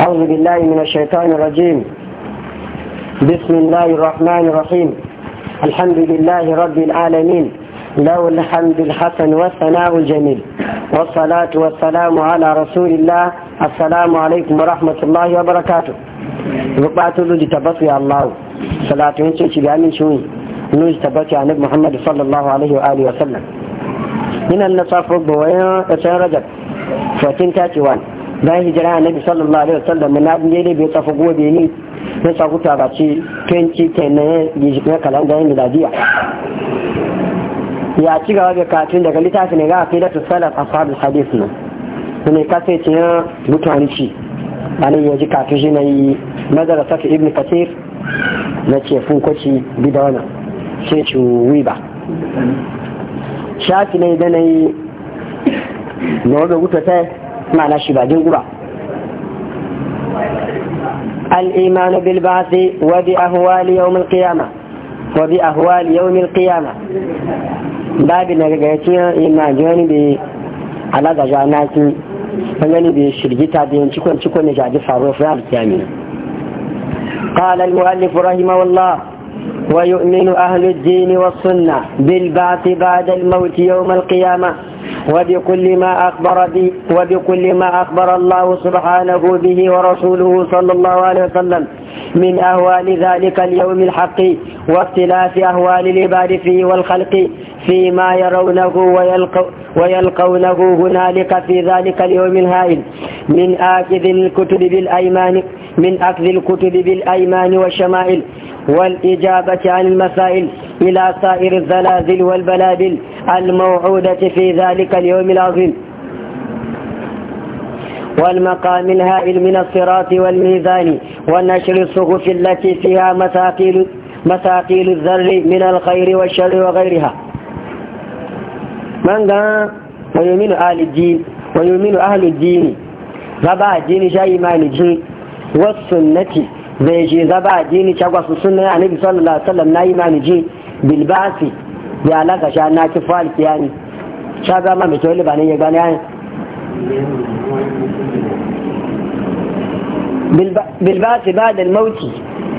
أعوذ بالله من الشيطان الرجيم بسم الله الرحمن الرحيم الحمد لله رب العالمين له الحمد الحسن والثناء الجميل والصلاة والسلام على رسول الله السلام عليكم ورحمة الله وبركاته ربعت لوجي تبطي الله صلاة ينسيش بأمين شوي لوجي تبطي عن محمد صلى الله عليه وآله وسلم من النصف ربه وين رجب وانه bayan hijira annabi sallallahu alaihi wasallam na dinje ne bai tsafa gobe ne ya sa huta ba ce ta ne ya kalanda yin miladiya ya ci gaba da katun daga littafin ne ga a kaidatu salaf ashabul hadith ne ne ka sai ce ya mutane ci anan ya ji katun shi na yi nazara safi ibn kathir na ce fun kwaci bidona sai ci ba shafi ne da na yi na wadda wuta ta معنى شبادين قرى الإيمان بالبعث وبأهوال يوم القيامة وبأهوال يوم القيامة باب نرغتين إيمان بي على دجاناتي فنجاني شرجتا بين شكون شكون نجاجي فاروف رابط يامين قال المؤلف رحمه الله ويؤمن أهل الدين والسنة بالبعث بعد الموت يوم القيامة وبكل ما أخبر به وبكل ما أخبر الله سبحانه به ورسوله صلى الله عليه وسلم من أهوال ذلك اليوم الحق واختلاف أهوال العباد فيه والخلق فيما يرونه ويلقونه هنالك في ذلك اليوم الهائل من آكذ الكتب بالأيمان من أكذ الكتب بالأيمان والشمائل والإجابة عن المسائل إلى سائر الزلازل والبلادل الموعودة في ذلك اليوم العظيم والمقام الهائل من الصراط والميزان ونشر الصحف التي فيها مثاقيل مثاقيل الذر من الخير والشر وغيرها من قال ويؤمن أهل الدين ويؤمن أهل الدين غباء الدين شيء ما الدين والسنة zai je zaba addini cagwa su sunna ya nabi sallallahu alaihi wasallam na imani ji bilbasi da alaka sha na kifal kiyani sha ga ma mutum libanin ya gani yayin bilbasi ba da mauti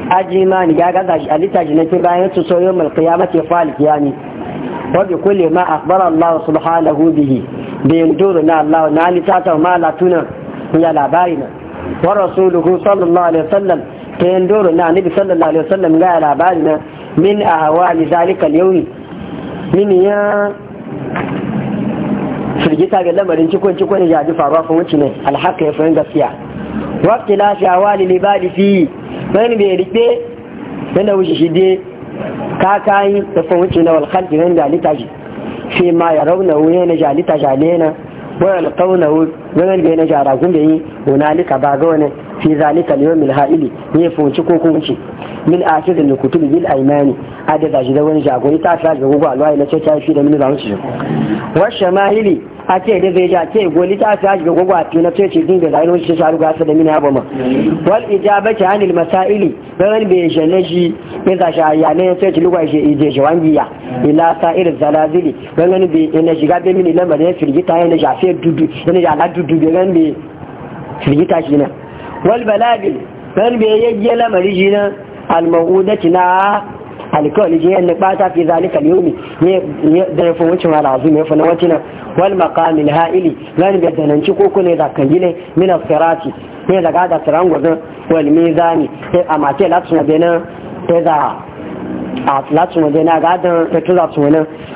aji imani ya gaza shi alita shi na bayan su soyo mal kiyamati fal kiyani wa bi kulli ma akhbara Allah subhanahu bihi bi na Allah na litata ma la tuna ya labarina wa rasuluhu sallallahu alaihi wasallam ta yin doro na nabi sallallahu alaihi wasallam ga labari na min a hawa ni zalika yauni min ya firgita ga lamarin cikon cikon ya ji faruwa fa wuce ne alhaka ya yin gaskiya a lafi hawa ni libadi fi bayan bai rike yana wuce shi dai kakayi da fa wuce na walhalki nan da litaji fi ma ya rauna wuye na jalita jalena wani alƙaunahu ganin bai na jara yi hunalika ba ga wani fi zalika liyawmil ha'ili ne fonci ko kun ce min akid da kutubi bil aymani a daga shi da wani jagori ta fi ga gugu alwai na cece fi da min zamu ci wa shamahili a ce da zai ja ce goli ta fi ga gugu a fi na cece din da zairo shi sharu ga sa da min abama wal ijabati anil masaili dan be janaji min da sha ya ne cece lugwa shi ije jawangiya ila sa'ir zalazili dan ne be ina shiga be min lamar ya firgita ya ne jafe dudu ya ne ja la dudu be ran be firgita shi na wal balagil kan bai yayye lamari jina al-mawudati na alkawali je yadda bata fi zalika yomi ne da ya fi wucin wala azumi ya fi na wacina wal maqamil ha'ili zan bai da nanci ko kune da kan gine min asirati ne daga da siran gwazin wal mizani a mace latin da na ta da a latin da na gadan ta tuza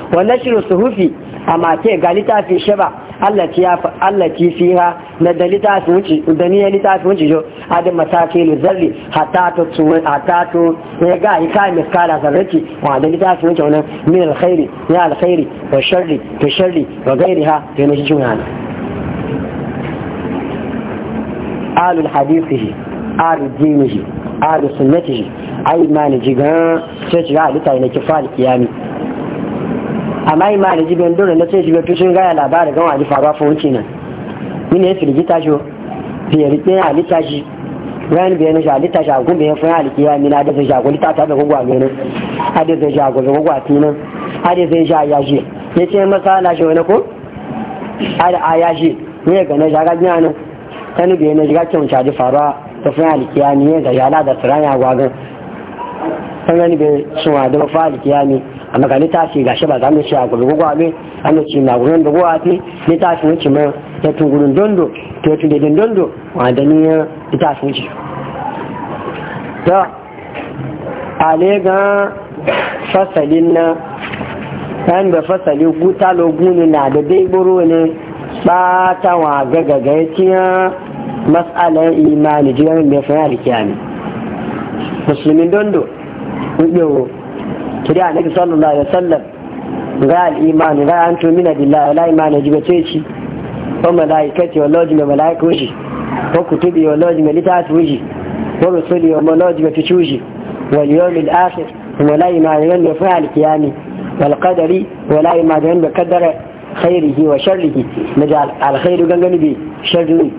Wani wannan shirin su suhufi a mace ga fi shaba. allati ya allati fiha na da litafi wuce da ni ya litafi wuce jo adam masakilu zarri hatta to hatta to ya ga yi kai miskala zarrati wa da litafi wuce wannan min alkhairi ya alkhairi wa sharri to sharri wa gairiha ya ne shi juna alul hadithihi alul dinihi alul sunnatihi ai ma ne jigan sai shiga halitta ne kifal kiyami amma ma da jibin dole na ce jibin tushen gaya labarin gan wani faruwa fa wuce nan min ya firgi tashi fiye rike lita shi ran biyan shi halitta shi agun ya fun haliki ya mina da zai shagoli ta tafi gugwa mene a da zai shagoli gugwa tinan a da shi a yashi ya ce masa na shi wani ko a da a yashi ne ga na shaga biya nan kan biyan na shiga kyau shaji faruwa da fi haliki ya ni ya ga yala da tsiran ya gwagan kan gani biyan shi wa da mafi haliki ya amma ga ta ga gashi ba za mu ci a gurgu gwabe an da ci na gurin da gwa fi litafi wuce ma ya tun gurin dondo to tun da dondo wa da ni litafi ci. to ale ga fasalin na kan da fasalin guta logun na da dai buru ne ta wa ga ya tiya mas'alar imani jiran da fayar kiyani musulmin dondo kuɗewo kiri a nabi sallallahu alaihi wasallam ga al'imani ga an tumina billahi wala imani ji bace shi ko malaikati wala ji malaiku shi ko kutubi wala ji litatu shi ko rusuli wala ji batuci shi wal yawmil akhir wala imani wanda fa'al kiyami wal qadari wala imani wanda kaddara khairihi wa sharrihi najal al khairu gangani bi sharri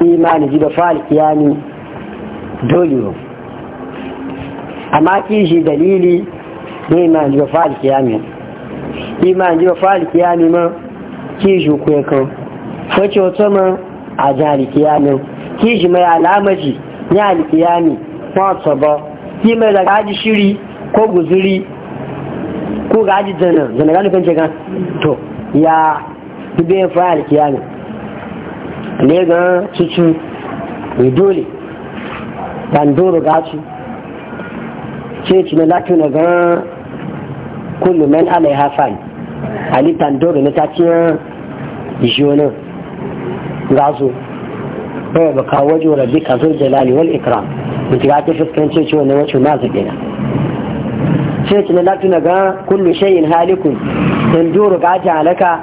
imani ji da fa'al kiyami dole amma kishi dalili ní ìmá ìjọ fáàlì kìámi ìmá ìjọ fáàlì alikiyami mọ́ kí ìṣòkú ẹ̀kan fọ́kí ọ̀tọ́ mọ́ àjà àlìkìámi kí ìṣìmọ̀ àlàámọ̀jì ní àlìkìámi wọ́n tọ̀bọ̀ kí ìmọ̀ ìdàgájì ṣírí kó gùzúrí kó gájì dànà zanagánu kan jẹgan tó ya gbé fáàlì kìámi lẹ́gàn tuntun ìdólè na gan kullu man alaiha fan alitan tandoro na ta jiyonin jona gazo bai ba kawo wajen rabbi ka zur jalali wal ikram mutu ya ta fuskanci ciwo na wacce ma zaɓe na sai ci na latu na ga kullu shayin halikun tandoro ga ta halaka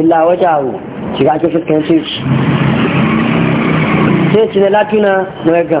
illa wajawo ci ga ta fuskanci sai ci na latu na ga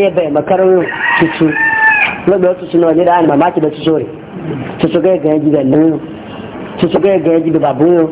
sai bai makarar cucu lobe wasu suna waje da anima maki da su sore cucu ga ga yau, su cucu ga ga da babu yau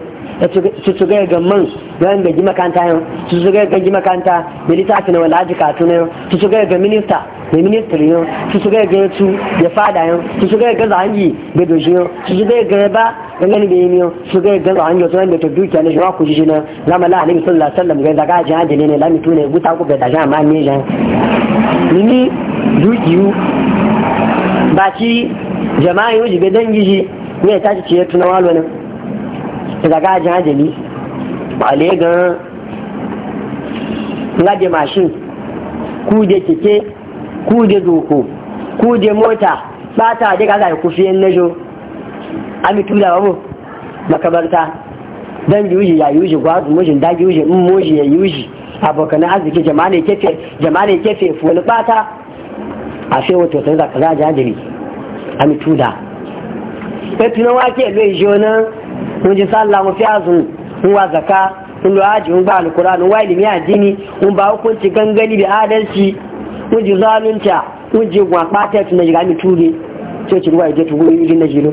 cucu ga ga man yan da makanta yau cucu ga ga makanta da su na walaji katu na yau cucu ga ga minista da ministry yau cucu ga ga su da fada yau cucu ga ga zangi da doshi yau cucu ga ga ba dangane da yi yau su ga ga su wasu wanda ta dukiya na shawa su su na zama la sallallahu alaihi wasallam ga zaga jihadi ne ne lamitu ne guta ku bai da jama'a ne su mini dukiyu ba ci jama'a yau jibe don gishi ne ta ci ciye tunawa lonin da zaga ajin hajjali ba le gan ngaje mashin kuje keke kuje doko kuje mota ba ta je ka zai kufiyen najo ami tula babu makabarta dan yuji ya yuji gwazu mujin da yuji in moji ya yuji abokan arziki jama'a ke kefe jama'a kefe fuwani bata a sai wato sai zaka za jajiri a mituda sai tunan wake lo ijo nan mun ji sallah mu fi mun wa zaka mun lo ji mun ba alqur'ani wa ilimi addini mun ba hukunci gangani da adalci mun ji zalunta mun ji gwa bata tunan ji ga mitude sai ci ruwa ya je tugu irin na jilo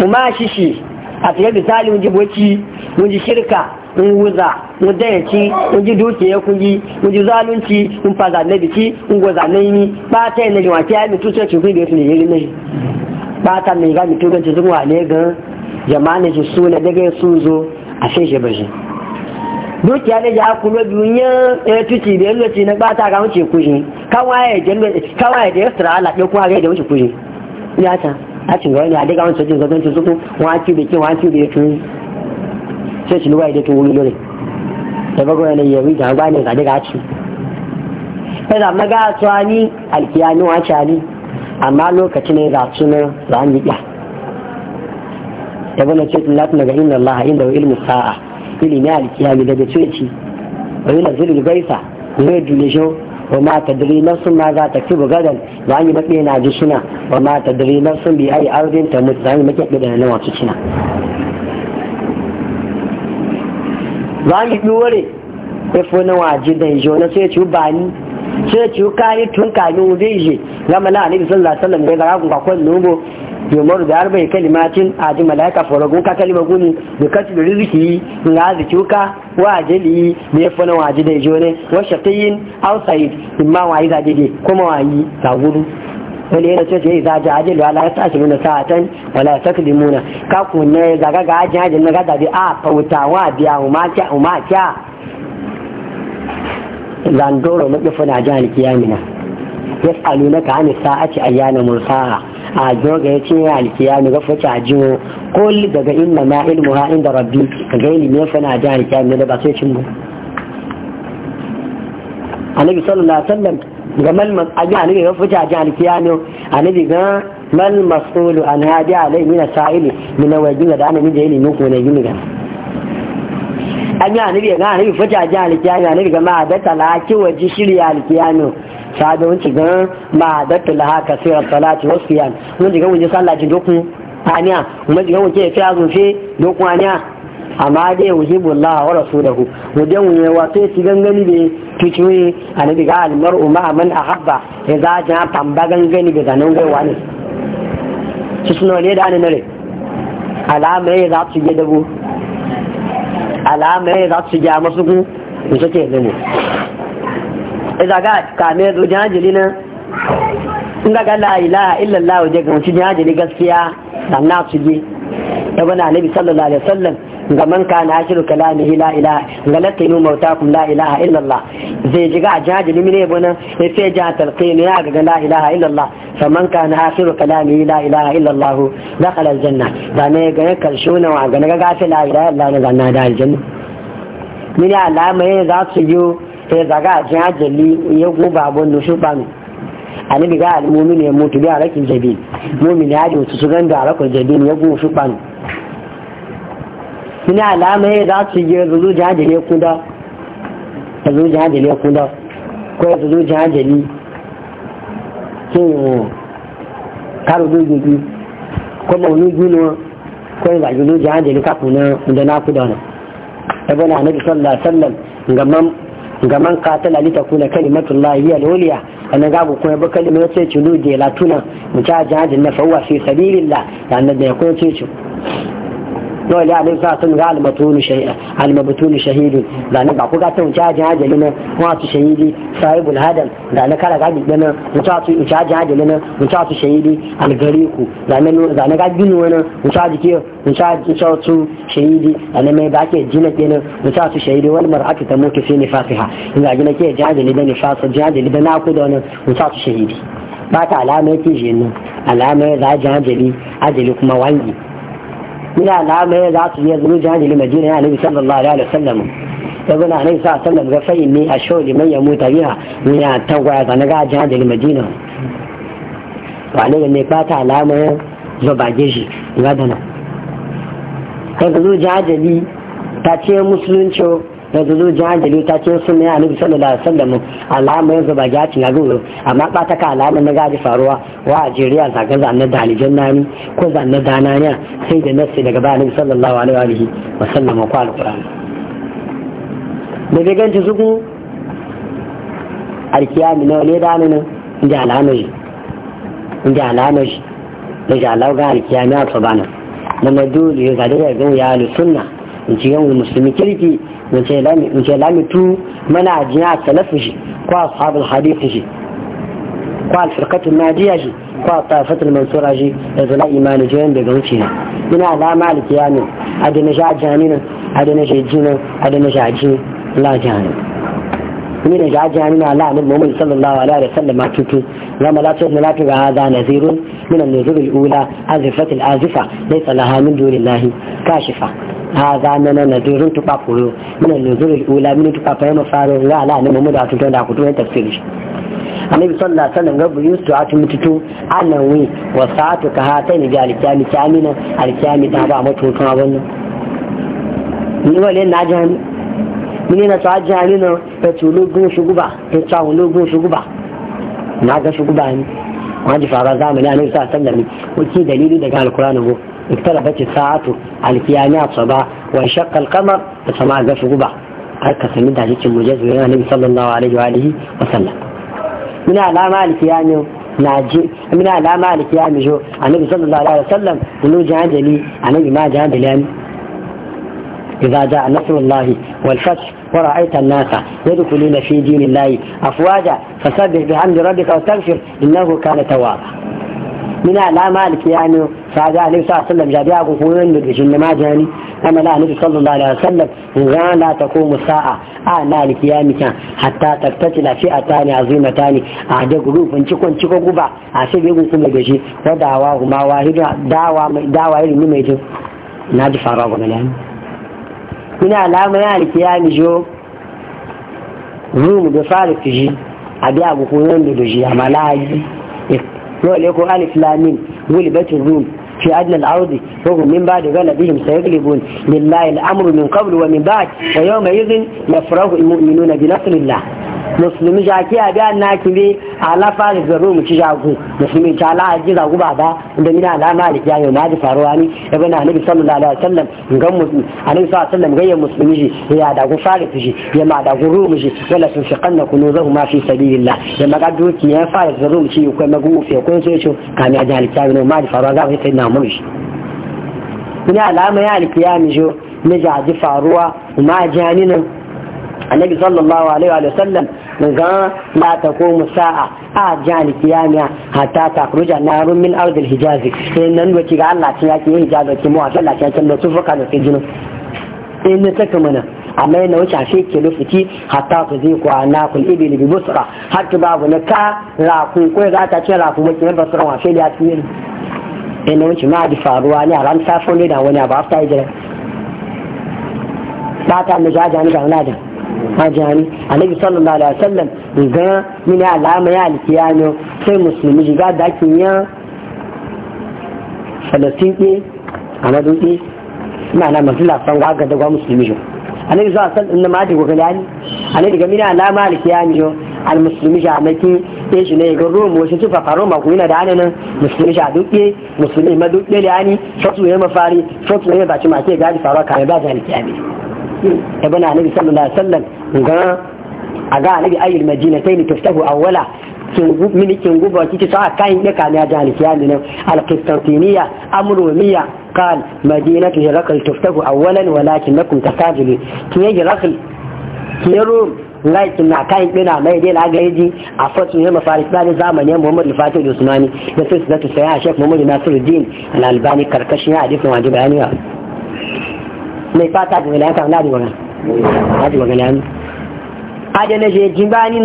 kuma shishi a tsaye misali mun ji boci mun ji shirka in wuza in dayanci in ji dukiya kun in ji zalunci in faza zane biki in go zane yi ba ta yi na jiwa ta yi mutu sai cikin da su ne yi ne ba ta mai ga mutu ganci zuwa ne ga jama'a ne su na daga su zo a sai shi bashi dukiya ne ya ku lo duniya e tuci da lokaci na ba ta ga wuce kuji kawai da ya da yasra Allah ya kuma ga da wuce kuji ya ta a cin ga wani a daga wani sojin gaban su suku wani ki da ki wa ki da ki sai shi luwa ya to wuri lori? da bago yana ya wi ga bani ga daga ci sai amma ga tsani alkiyani wa ni, amma lokaci ne ga suna ran yi ya da bana ce Allah daga inna Allah inda ilmu sa'a ilimi alkiyami daga ceci wa yana zuri gaisa ne dole shi وما تدري نفس ماذا تكسب غدا وأن يبقي ناجشنا وما تدري نفس بأي أرض تموت وأن يبقي ناجشنا za mu bi ya fi wani waje da yi na sai ci ba ni sai ci ka ni tun ka ni wuri ije ga mala alaihi sallallahu alaihi wasallam ya zara kun kakon nubo yomaru da arba kalimacin a ji malaika faragun ka kalima guni da kashi da riziki na ziki wuka wa ajali da ya fi wani waje da yi ne wa yi outside imma wayi zadede kuma za gudu? فليلة تسعي إذا جعجل ولا يتأسمون ساعة ولا يتكلمون كاكونا إذا كاكا جعجل نغدا دي آب وطاوا دي وما تا وما تا لاندورو مكفونا جاني كيامنا يسألونك عن الساعة أيان مرساة أجوغ يتيني على الكيام غفوك أجو قل دقا إنما علمها عند ربي غيري ميفونا جاني كيامنا بسيشنبو النبي صلى الله عليه وسلم ga malmas a ji anabi ga fita ji alkiyano anabi ga mal masulu an hadi alai mina sa'ili mina wajin da anabi da ilimin ko ne gini ga an yi anabi ga anabi fita ji alkiyano anabi ga ma da talaki waji shirya alkiyano sabe wanci ga ma da talaha kasira salati wasfiyan wanci ga wunji sallaci dokun aniya wanci ga wunci ya fi azun fi dokun aniya amma dai yuhibbu Allah da ku wajen wuye wato ci gangani a na annabi ga a ma a haɓa ya za ta tamba gangani da zanen gaiwa ne su suna ne da annabi alama ya za su ge dabo alama ya za su ga masu ku su ke zane idan ga kame zo jajili na in ga gala ilaha illallah wajen ga mutum gaskiya sannan su ge ya bana nabi sallallahu alaihi wasallam ga man na shiru kalamihi la ilaha ga latinu mautakum la ilaha illallah zai ga a jihadi mine bana ya fi talke ni? ya ga la ilaha illallah faman na ashiru kalamihi la ilaha illallah dakhala aljanna da ne ga karshe na wa ga na gafe la ilaha illallah na zanna da aljanna mine alama ne za su yi ta zaga a jihadi ya guba abun nushu banu annabi ga almumin ya mutu bi arakin jabil mumin ya ji wasu su ganda arakin jabil ya gushu shuban suna alamai za su yi zulu jihajjali ya kuda zulu jihajjali ya kuda ko zulu jihajjali sun karo gudu ko maunugi ne ko yin zulu jihajjali kafu na inda na kuda na ebe na hannu sallallahu alaihi sallan, ga man katala li takuna kalimatullahi hiya al-uliya annan gabu kuma ba kalimar sai ci lu de latuna mu ta jihajin na fawwa fi sabirin da ya kuma ce no ya ne sa sun ga almatun shahid almabtun shahid da ne ba ku ga ta wuce ajin ajali ne wa su shahidi sahibul hadan da ne kala ga bi ne wuta su wuce ajin ajali ne wuta su shahidi algariku da ne da ne ga bi ne wani wuta jike wuta wuta su shahidi da ne mai ba ke jina ke ne wuta su shahidi wal mar'atu tamutu fi nifasiha ina jina ke jajali da nifasa jajali da na ku da wani wuta su shahidi ba ta alamai ke jini alamai za ajali ajali kuma wangi ina alama ya za su iya zuru jihar jirgin majina ya nabi sallallahu alaihi wasallam ta guna nan sa sallam ga fayin ne a shawar liman manyan mota biya ne a tagwaya ta naga jihar jirgin majina ba ne ne ba ta alama ya zo bage shi ga dana kan zuru jihar ta ce musulunci na zuwa jihar da ta ce sun ya nufi sallallahu da wasallam alamun yanzu ba ya na goro amma ba ta ka alamun na gaji faruwa wa a jeriya zaga zanne da halijan nani ko zanen dananiya sai da nasi daga ba nufi sallallahu alaihi wasallam ko alquran da ga ganci zugu alkiyami na wale da nan inda alamaji inda alamaji da jalau ga alkiyami a tsobana na maduli ya zade ya ga ya alusunna in ci yan musulmi kirki wace lamitu mana jiya salafi shi ko a ashabul hadith shi ko a alfirkatun najiya shi ko a tafatul mansura shi da zala imani jiyan daga wuce ne ina la maliki ya ne adina shi ajiya a dana shi jinan dana shi a ajiya la jiya ni da ga jami na la'anin muhammad sallallahu alaihi wasallam ma tutu na malatu na lati ga hada nazirun min an-nuzul al-ula azifat al-azifa laysa laha min dunillahi kashifa hada na na nazirun tuqa furu min an-nuzul al-ula min tuqa fa yana faru ga la'anin muhammad a tutu da kutu tafsiri annabi sallallahu alaihi wa saatu ka al-kiyami kiyamina al-kiyami da ba mutu kan abun ni wale na jami mini na ta ji hali na fetu ologun shugu ba fetu awon ologun shugu ba na ga shugu ba ni wọn fara zamani a nisa san da ni o ki dalili daga alkura na go iktara bace sa'atu alkiyani a tsoba wa shakka alkama da sama ga shugu ba har ka sami da cikin mujaz mai yanayi sallallahu alaihi alama إذا جاء نصر الله والفتح ورأيت الناس يدخلون في دين الله أفواجا فسبح بحمد ربك واستغفر إنه كان توابا من لا مالك يعني فهذا عليه الصلاة والسلام جاب ياقو فوين لجن ما جاني أما لا النبي صلى الله عليه وسلم غان لا تقوم الساعة آه مالك يا مكان حتى تقتتل فئتان عظيمتان أعدى قلوب انشكو انشكو قبع عشان يقول كل بشي ودعواه ما واحد دعوة دعوة إلي ميجو نادي فراغ من يعني ina alama ya rike ya mijo rumu da fara fiji a biya ga kuma wanda da shi a malayi yau ko alif lamin gulbatin rum في أدنى الأرض وهم من بعد غلبهم min لله wa من قبل ومن بعد ويومئذ يفرح المؤمنون bi الله musulmi jaki a biya na kire ala fari zaro mu ci jago musulmi ta ala ji zago ba ba inda mina alama da kiyaye na ji faruwa ni ebe na nabi sallallahu alaihi wasallam gan musulmi annabi sallallahu alaihi wasallam gayyan musulmi ji ya da gu fari ji ya ma da ru mu ji wala sun shi kanna kunu zahu ma fi sabilillah ya maga duki ya fari zaro mu ci ko magu fe ko so so kami aji alkiyaye no ma ji faruwa ga sai na mu shi kuna alama ya alkiyaye jo na ji faruwa ma jani nan annabi sallallahu alaihi wa sallam ga la ta komu sa'a a jihar kiyamiya hatta ta kuruja na min ardil hijazi sai nan doki ga Allah ta yake hijazi ki mu a sallah ta kan da tufuka da jinin sai ne take a amma yana wuce a ke lufuki hatta ku zai ku ana kun ibil bi busra hatta babu na ka raku ko za ta ce raku ba kiyar basra wa sai ya sai ina wuce ma a faruwa ne a ran safo ne da wani abu afta hijira ba ta mu jaja ni ga wani adam ajani annabi sallallahu alaihi wasallam ga mini alama ya alkiyano sai musulmi shiga dakin ya falastin ana amadu ke ina na masu lafan ga da gwa musulmi shi annabi sallallahu alaihi wasallam inna ma ta gogala ni annabi ga mini alama alkiyano jo almusulmi shi amaki ke shi ne ga romo shi tufa faro ma kuina da ananan musulmi shi aduke musulmi maduke da ani fatu ya mafari fatu ya baci ma ke gadi faro ka ba zaliki amin ta bana annabi sallallahu alaihi wasallam ga a ga annabi ayyul madinatayn tuftahu awwala mini kin guba kike sa kayan da kan ya jahil kiyami ne al-qistantiniya amrumiya qal madinatu hirakal tuftahu awwalan walakin lakum tasajili kiyan hirakal kiyaro laikin na kayan ɗina mai dai na gaji a fasu ya mafari tsari zamani muhammad al-fatih usmani da sai su zata saya a shek muhammad nasiruddin al-albani karkashin hadisin wajibi bayaniya mai fata ga gala kan ladi wannan ladi magana ne aje na je jin bani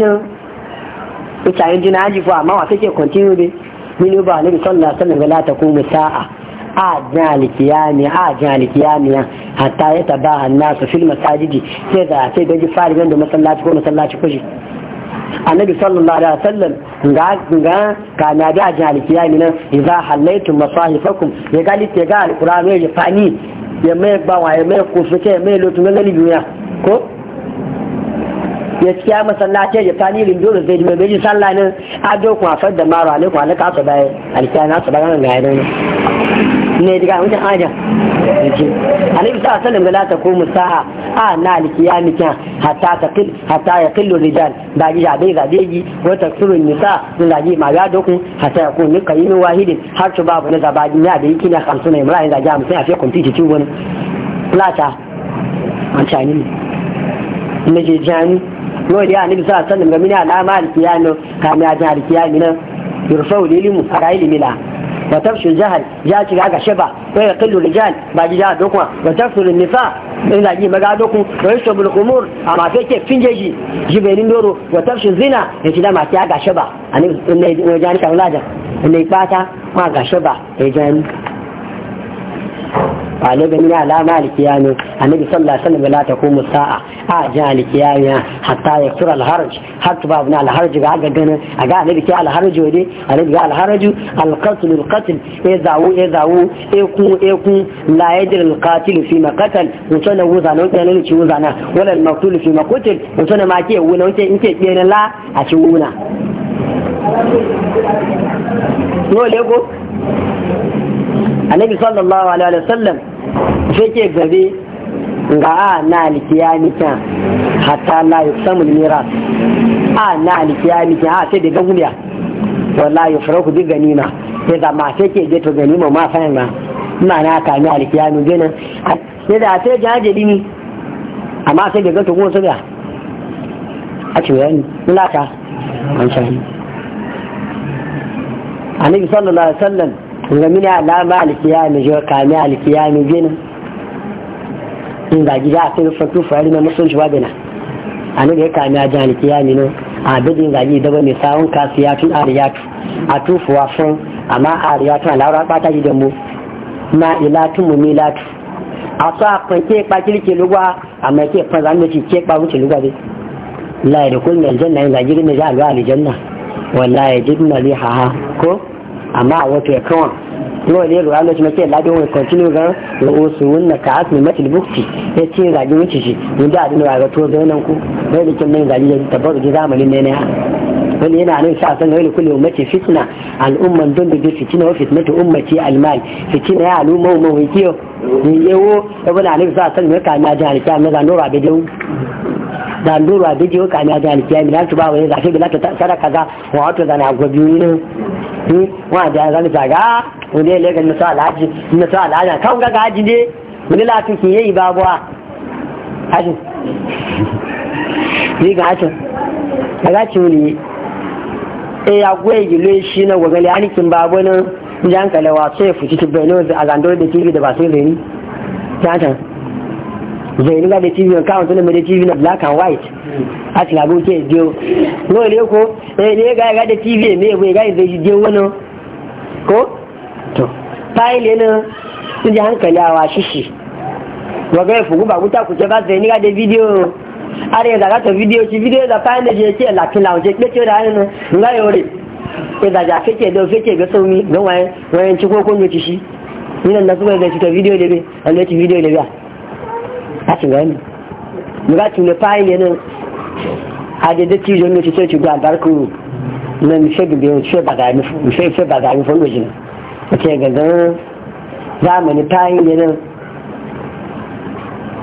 mutane jina amma minu ba sa'a a jalikiyami a jalikiyami hatta ya taba sai da sai fari masallaci ko masallaci annabi sallallahu alaihi wasallam ga ga da nan idza halaytum masahifakum ya ga ya fani ya mai bawa ya mai kusurke ya mai lotun gangan duniya ko ya ciya masallaci ya tani rindo da zai mai bai sallah ne a dokun afar da mara ne kwanaka su bayan alkiya na su bayan ga yanayi ne daga wajen ajan yake annabi sallallahu alaihi wasallam la ta komu sa'a a na alkiyami kan hatta ta kil hatta ya killu rijal da ji bai ga deji wa taksurun nisa sun zaji ma ga doku hatta ya kunu kayin wahidin har to babu na zabajin ya da yake na 50 imran da ja 50 a fi kwamfiti ci wani plata an cani ne na je jani yau da ya annabi sa'a alaihi wasallam ga mina alama alkiyami kan ya ji alkiyami nan yurfau lilimu a ga ilimi la وتفشي الجهل جاءت لك شبا ويقل الرجال بعد جاء دوكما وتفشي النساء إلا جي مقادوكم ويشرب الخمور أما في كيف فين جي جبين دورو وتفشي الزنا يتلا ما تياغا شبا يعني أنا وجاني كان لاجا إنه يباتا ما غا شبع يجاني a na gani na alama alkiyami annabi sallallahu alaihi wasallam la taqumu sa'a a ji alkiyami hatta ya tura alharaj har tuba ibn alharaj ga ga ganin a ga annabi ke alharaj wade annabi ga alharaj alqatl alqatl e zawu e zawu e ku e ku la yadri alqatil fi ma qatal mutana wuza na wuta ne ci wuza na wala almaqtul fi ma qutil mutana ma ke wuna wuta in ke kiyana la a ci wuna no lego annabi sallallahu alaihi wa sai yake gabe ga a na alkiyami kan hatta la yusamu miras a na alkiyami a sai da gagumiya wala yufraku bi ganima sai da ma sai ke je to ganima ma fa yana ina na ka ni alkiyami gina sai da sai jaje dini amma sai da gato kuma sai a ce yani ina ka an shahi annabi sallallahu alaihi wasallam ga mini alama alkiyami jiwa kami alkiyami gina in ga gida a cikin fatu fari na musulunci wa wabina a nan ya kami ajin alkiyami nan a bidin ga gida wani sawun tun ariyatu a tufuwa fun amma ariyatu a laura bata gidan mu na ilatu mu milatu a so a fanke kpakiri ke lugwa amma ke fanza an mace ke kpa wuce lugwa dai la ya da kullum aljanna yin ga gidan da za a aljanna wallahi jidna liha ko amma a wata ya kawan ne ruwa lokacin mace ladin wani continue ga ru'usu wunna ka asmi matil bukti ya ce zagi wuce shi mun da adina ga to ku bai da kin nan zagi ya tabbaru zamanin ne ne wani yana nan sa san wani kullu ummati fitna al'umman don da wa fitnatu ummati almal fitina ya ibn ali sa san jani nura da nura be jiwo jani wani zafi kaza wa wato da gobi hmm? ni ga wani ga alhaji e ya goye gile shi na gwagali anikin babu nan ji hankali wa sai fuci ti bai nawa a zandar da tv da ba sai zaini zai ni ga da tv na kawon tunan da tv na black and white a cikin abu ke jiyo no ne ko e ne ga ga da tv me bai ga zai je wani ko to fayil ne ji hankali wa shishi wa ga fugu ba guta ku ce ba ni ga da bidiyo are ya zaga ta video ci video da kayan je ce lafi lawo je kike da hannu nga yore ke da ja kike da kike ga mi ga waye waye ci ko kun ci shi nan da suka ga ci ta video da be an ci video a ci ga ni mu ga ci ne fayil ne a je da ci jo ne ci ci ga nan be ce baga ni mi sai ce baga ni fon gojin ce ga zamani fayil ne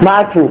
mato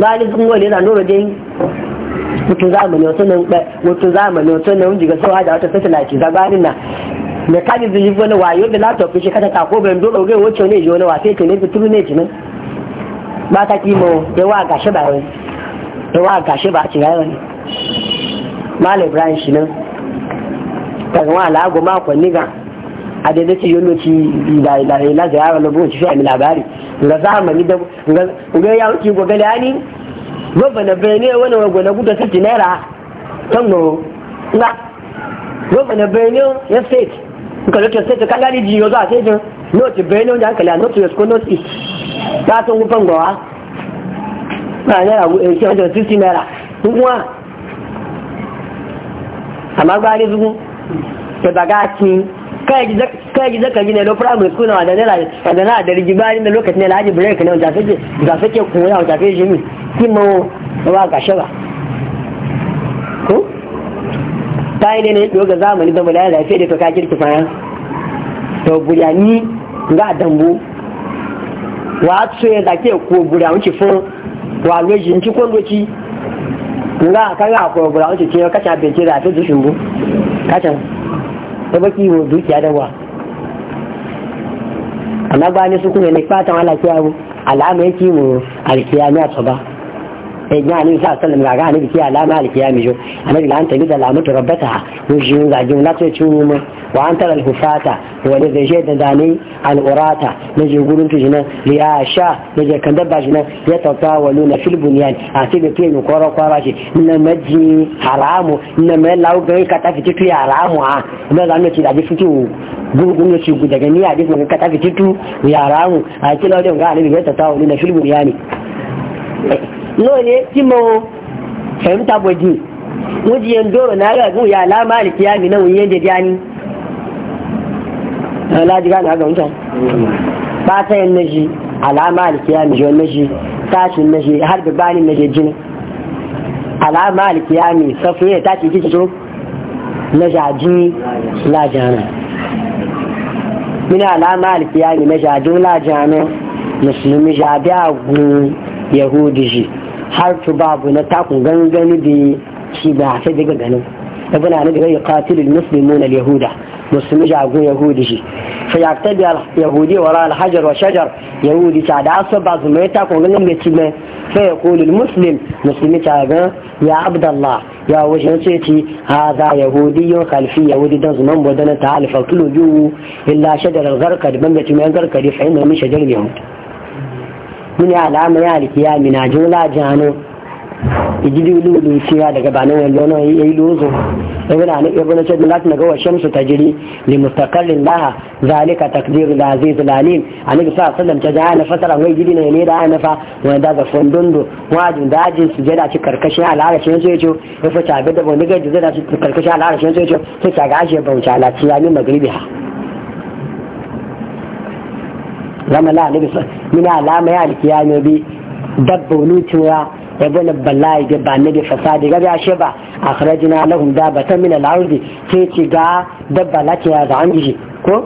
zalikun wale da nuna dai wato zamani wato nan wato zamani wato nan diga sau da wata satellite na da kaji zai wani wayo da laptop shi kada kako ban do dauke wacce ne ji wani wafe ce ne fitru ne ji nan ba ta kimo yawa gashi ba wani yawa gashi ba ci wani mala ibrahim shi nan kan wa lagu makon niga a daidai ce yolo ci da ci fi labari ga zamani da ga ya wuce go galani baba na bene wani wago na guda sati naira tan no na baba na bene ya state ka lokacin sai state kan gari jiyo za a sai no ti bene da kala no ti school no ti ta tun pango a na ne a go da 160 naira kuma eh, amma ni zugun ke daga cikin kai ji zaka gina lo primary school na da ne da na da rigiba ne da lokacin da laji break ne da take da take koya da take jimi ba ga shaba ko tai ne ne yoga zamani da ya lafiya da to ka kirki fara to burani ga dambu wa tsoye da ke ko burani ki fun wa loji ki kon doki nga kan ga ko burani ki ka ta bece da ta dushin bu ka ta da baki mu dukiya da wa amma ba ne su kuma ne fatan ala kiyamu alama yake mu alkiyami a ba النبي صلى الله عليه وسلم قال النبي كيا لا مالك يا ميجو أنا قل أنت جد لا مت ربتها نجيم نجيم نات يشوم وأنت الهفاتة هو نزل جد داني على أوراتا نجي يقول أنت جنا لي أشا نجي كم دب جنا يتطاولون في البنيان أسيب كين وقرا قرا شيء من مجي حرامه من ما لا وقعي كتاف تكفي حرامه آه ما زال نتيجة فيتو gugu gugu ci gugu daga ni adi gugu kata fititu ya ramu a ti lawo ga ni bi ta tawo ni lóòlẹ̀ tí mo fahimta gwaji wuji yan na ga gun ya lama alkiya mi nan wuyen da dani na laji gana ga wancan ba ta yin naji alama alkiya mi jiwon naji tashin naji har da bani naji jini alama alkiya mi safiya ta ce kiki so na jaji lajana mina alama alkiya mi na jaji lajana musulmi jabi a gun yahudi shi su babu na takun gangani da shi ba sai daga ganin ibn ali da ya qatil al muslimuna al yahuda musulmi jago yahudi shi fa ya yaktabi al yahudi wara al hajar wa shajar yahudi ta da asa ba su mai takun gangani da shi mai fa yaqulu al muslim musulmi ta ga ya abdullah ya wajen ce ci hadha yahudiyyun khalfi yahudi dan zuman bodana ta alfa kilo ju illa shajar al garkad ban da ci mai garkad fa inna min shajar al yahudi mini alama ya alkiya mina jola jano igidi lulu cewa daga bana wani lono ya yi lozo ibina na ibina ce milat na gawa shamsu ta jiri li mustaqallin laha zalika takdiru da zai zulalim a nabi sa sallam ta jaya na fasara wai gidi na ne da ya nafa wani daga fondondo wajin dajin su jada ci karkashin al'arashin su yaco ya fi tabi da wani gaji zada ci karkashin al'arashin su yaco sai ta gashi gashe bauta ya min magribi ha zama la nabi muna alama ya alki ya nobi dabba wani tura ya bane balla ya ba na da fasa da gaba shi ba a kharajina lahum da ba ta mina la'urdi sai ci ga dabba lati ya zan gishi ko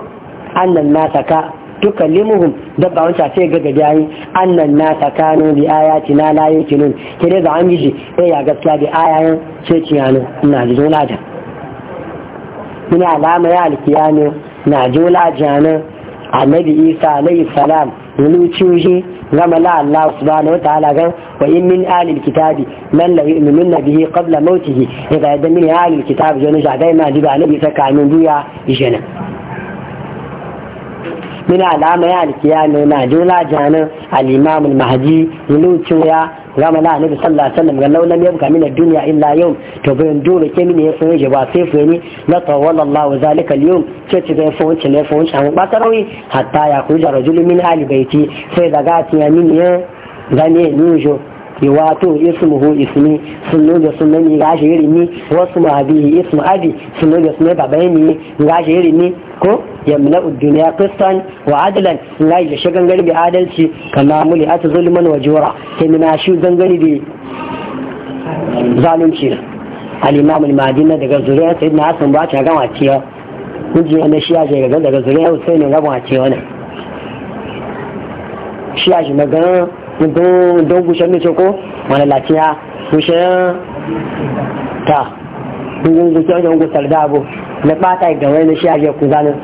annan na saka duka limuhum dabba wancan sai ga gaba yayi annan na saka no bi ci na la yakinun ke da zan gishi sai ya gaskiya da ayayen sai ci ya no ina ji zona da ina alama ya alki na jola jana annabi isa alayhi salam wani ciwushi gama la allah subhanahu wa ta'ala gan wa in min alil kitabi man la yu'minuna bihi qabla mawtihi idza yadda min alil kitabi jona shagai ma diba annabi isa kamin duya jana min alama ya alkiyama na jula jana al-imam al-mahdi wani ciwuya ya mana annabi sallallahu alaihi wasallam gallau lam yabqa min ad-dunya illa yawm to bayan dole ke mini yaso yaje ba sai fa ni na tawalla Allah zalika al-yawm ce ce da yaso wancan yaso wancan ba tarawi hatta ya kuja rajulun min ali baiti sai daga tiya min ya gane ni jo wato ismuhu ismi sunno da sunna ni gashi irin ni wasu ma bi ismu abi sunno da sunna baba ni gashi irin ni ko yamna duniya kristan wa adlan lai da shagan gari bi adalci kana muli at zulman wa jura sai mina shi gangari bi zalunci na al'imamu limadi na daga zuriya na hasan ba ta gama ciya kuji na shi ya ga daga zuriya husaini gama ciya ne shi ya shi magana don gushen ne ce ko wani latiya gushen ta gungun gusa wajen gusar da abu na ɓata ga wani na shi a ku zanen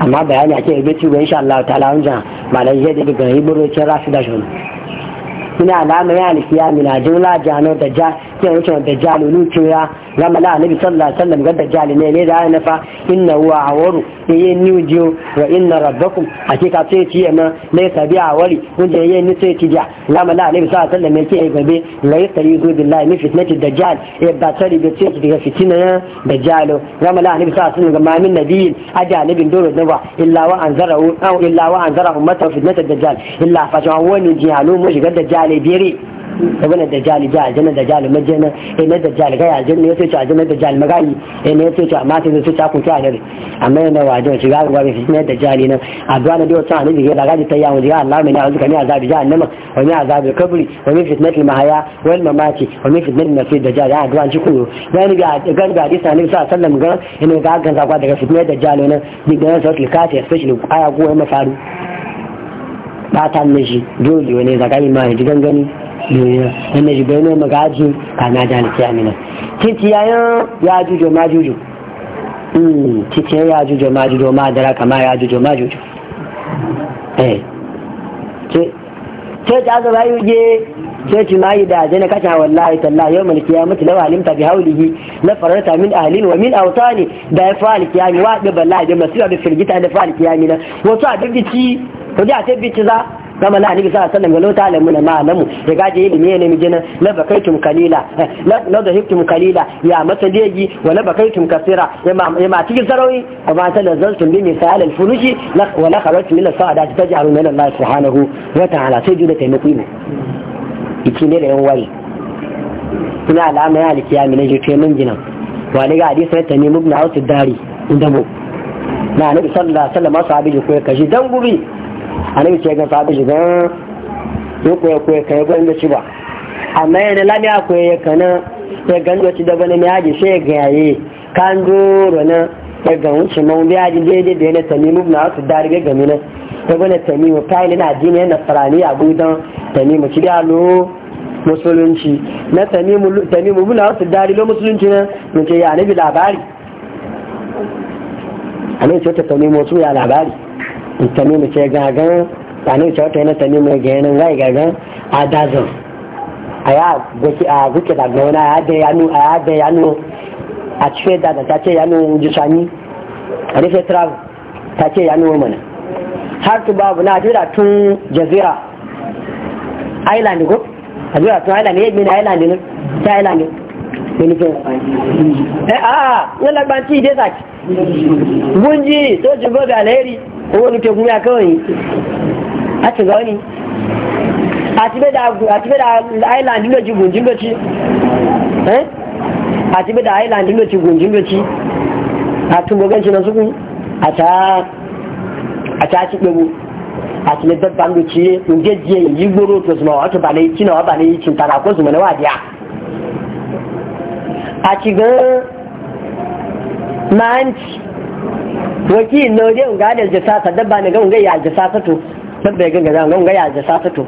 amma bayani a ce ibe ci ga insha Allah ta'ala wajen malam zai da ga yi buru ce rasu da shi suna alama ya alfiya mina jula jano da ja ke wucin da ja lulu cuya gama la annabi sallallahu alaihi wasallam ga da ja ne ne da ya fa inna huwa awaru ya yi ni jiyo wa inna rabbakum hakika sai ci yana ne sabi awari wanda ya yi ni sai ci ja gama la annabi sallallahu alaihi wasallam yake yi gabe la yastari zu billahi min fitnati dajjal ya ba sari da sai ci daga fitina dajjalo gama la annabi sallallahu alaihi wasallam ga mamin nabiyin aja nabin doro da ba illa wa anzara aw illa wa anzara ummatahu fitnati dajjal illa fa jawu ni jihalu mu shiga dajjal ne bere ibn dajjal ja ajana dajjal majana e eh, ne dajjal ga ajana ne to ajana dajjal magani e eh, ne to amma sai su ta kun ta amma yana wajen shiga ruwa bai fitina dajjal ne addu'a ne da ta ne ga gaji ta yawo ga Allah mai azuka ne azabi jahannama wa ne azabi kabri wa ne fitnatul mahaya wal mamati wa ne fitnatul masih dajjal ya addu'a ji ku ya ne ga ga hadisi ne sa sallam ga ne ga ganza kwa daga fitnatul dajjal ne diga aya mai faru fata na shi dole wani zaka ma ji gangani duniya wanda shi bayanai magaji na da alkiya mina titi ya jujo ma jujo hmm, titi ya jujo ma jujo ma dara kama ya jujo ma jujo eh sai ta ga yi je sai ci mai da jana kasha wallahi tallahi yau mulki ya mutu lawa alimta bi haulihi na farata min ahlin wa min awtani da ya fa'al kiyami wa da ballahi da masira da firgita da fa'al kiyami na wato a duk ko to da ta bici za kama na annabi sallallahu alaihi wasallam ga lota alamu na malamu ya gaje ilimi ne mi jina la bakaitum kalila eh, la dahibtum kalila ya masadegi wa la bakaitum kasira ya ma cikin sarawi matan ma talazzaltum bi misal al furushi wa la kharajtum min as ta taj'alun min Allah subhanahu wa ta'ala sai dole taimako ne ne da yan wari kuna alama ya alkiyami ne je min jina wa ni ga hadisi ta ne mubna aus dari indabo na annabi sallallahu alaihi wasallam sahabi ko kashi dan guri annabi ce ga sabu shi gan ko ko ko kai ban da shi ba amma yana labiya ko ya kana ya gando ci da bane mai haji sai ga yayi kan doro na ya ga wuce mun bi haji daidai da yana tamimu na su dariga game na ta bane tamimu kai na addini na farani a gudan tamimu ci da lo musulunci na tamimu tamimu na su dari lo musulunci na mun ce ya nabi labari annabi ce ta mu su ya labari tamimu ce gagan tsanin ce wata yana tamimu ga yanin gai gagan a dazin a ya goki a guke da gauna a da yanu a da yanu a cikin da ta ce yanu jisani a rufe travel ta ce yanu mana har tu babu na jira tun jazira island go a jira tun island ya yi mini island ne ta island ne ẹnìkẹ́ ẹ àà wọ́n lágbà tí ìdé sàkì gúnjì tó jù gbọ́dọ̀ àlẹ́rí owó olùkẹ́ gúnmí akẹ́wọ̀n yìí àti gọ́ da island ló ti gùnjì ló ti island ló ti gùnjì ló ti àtúgbọ̀gẹ́ ṣe lọ sókún àtàá sí pẹ̀wò àti lè bẹ́ẹ̀ bá ń lò tí ń jẹ́ díẹ̀ yìí gbóró tó sùn ọ̀ tó bà ní kí náà bà ní a cikin ma'anci wakil na waje ga da aljasasa dabba na ga unga ya aljasasa to dabba ya ganga ga unga ya aljasasa to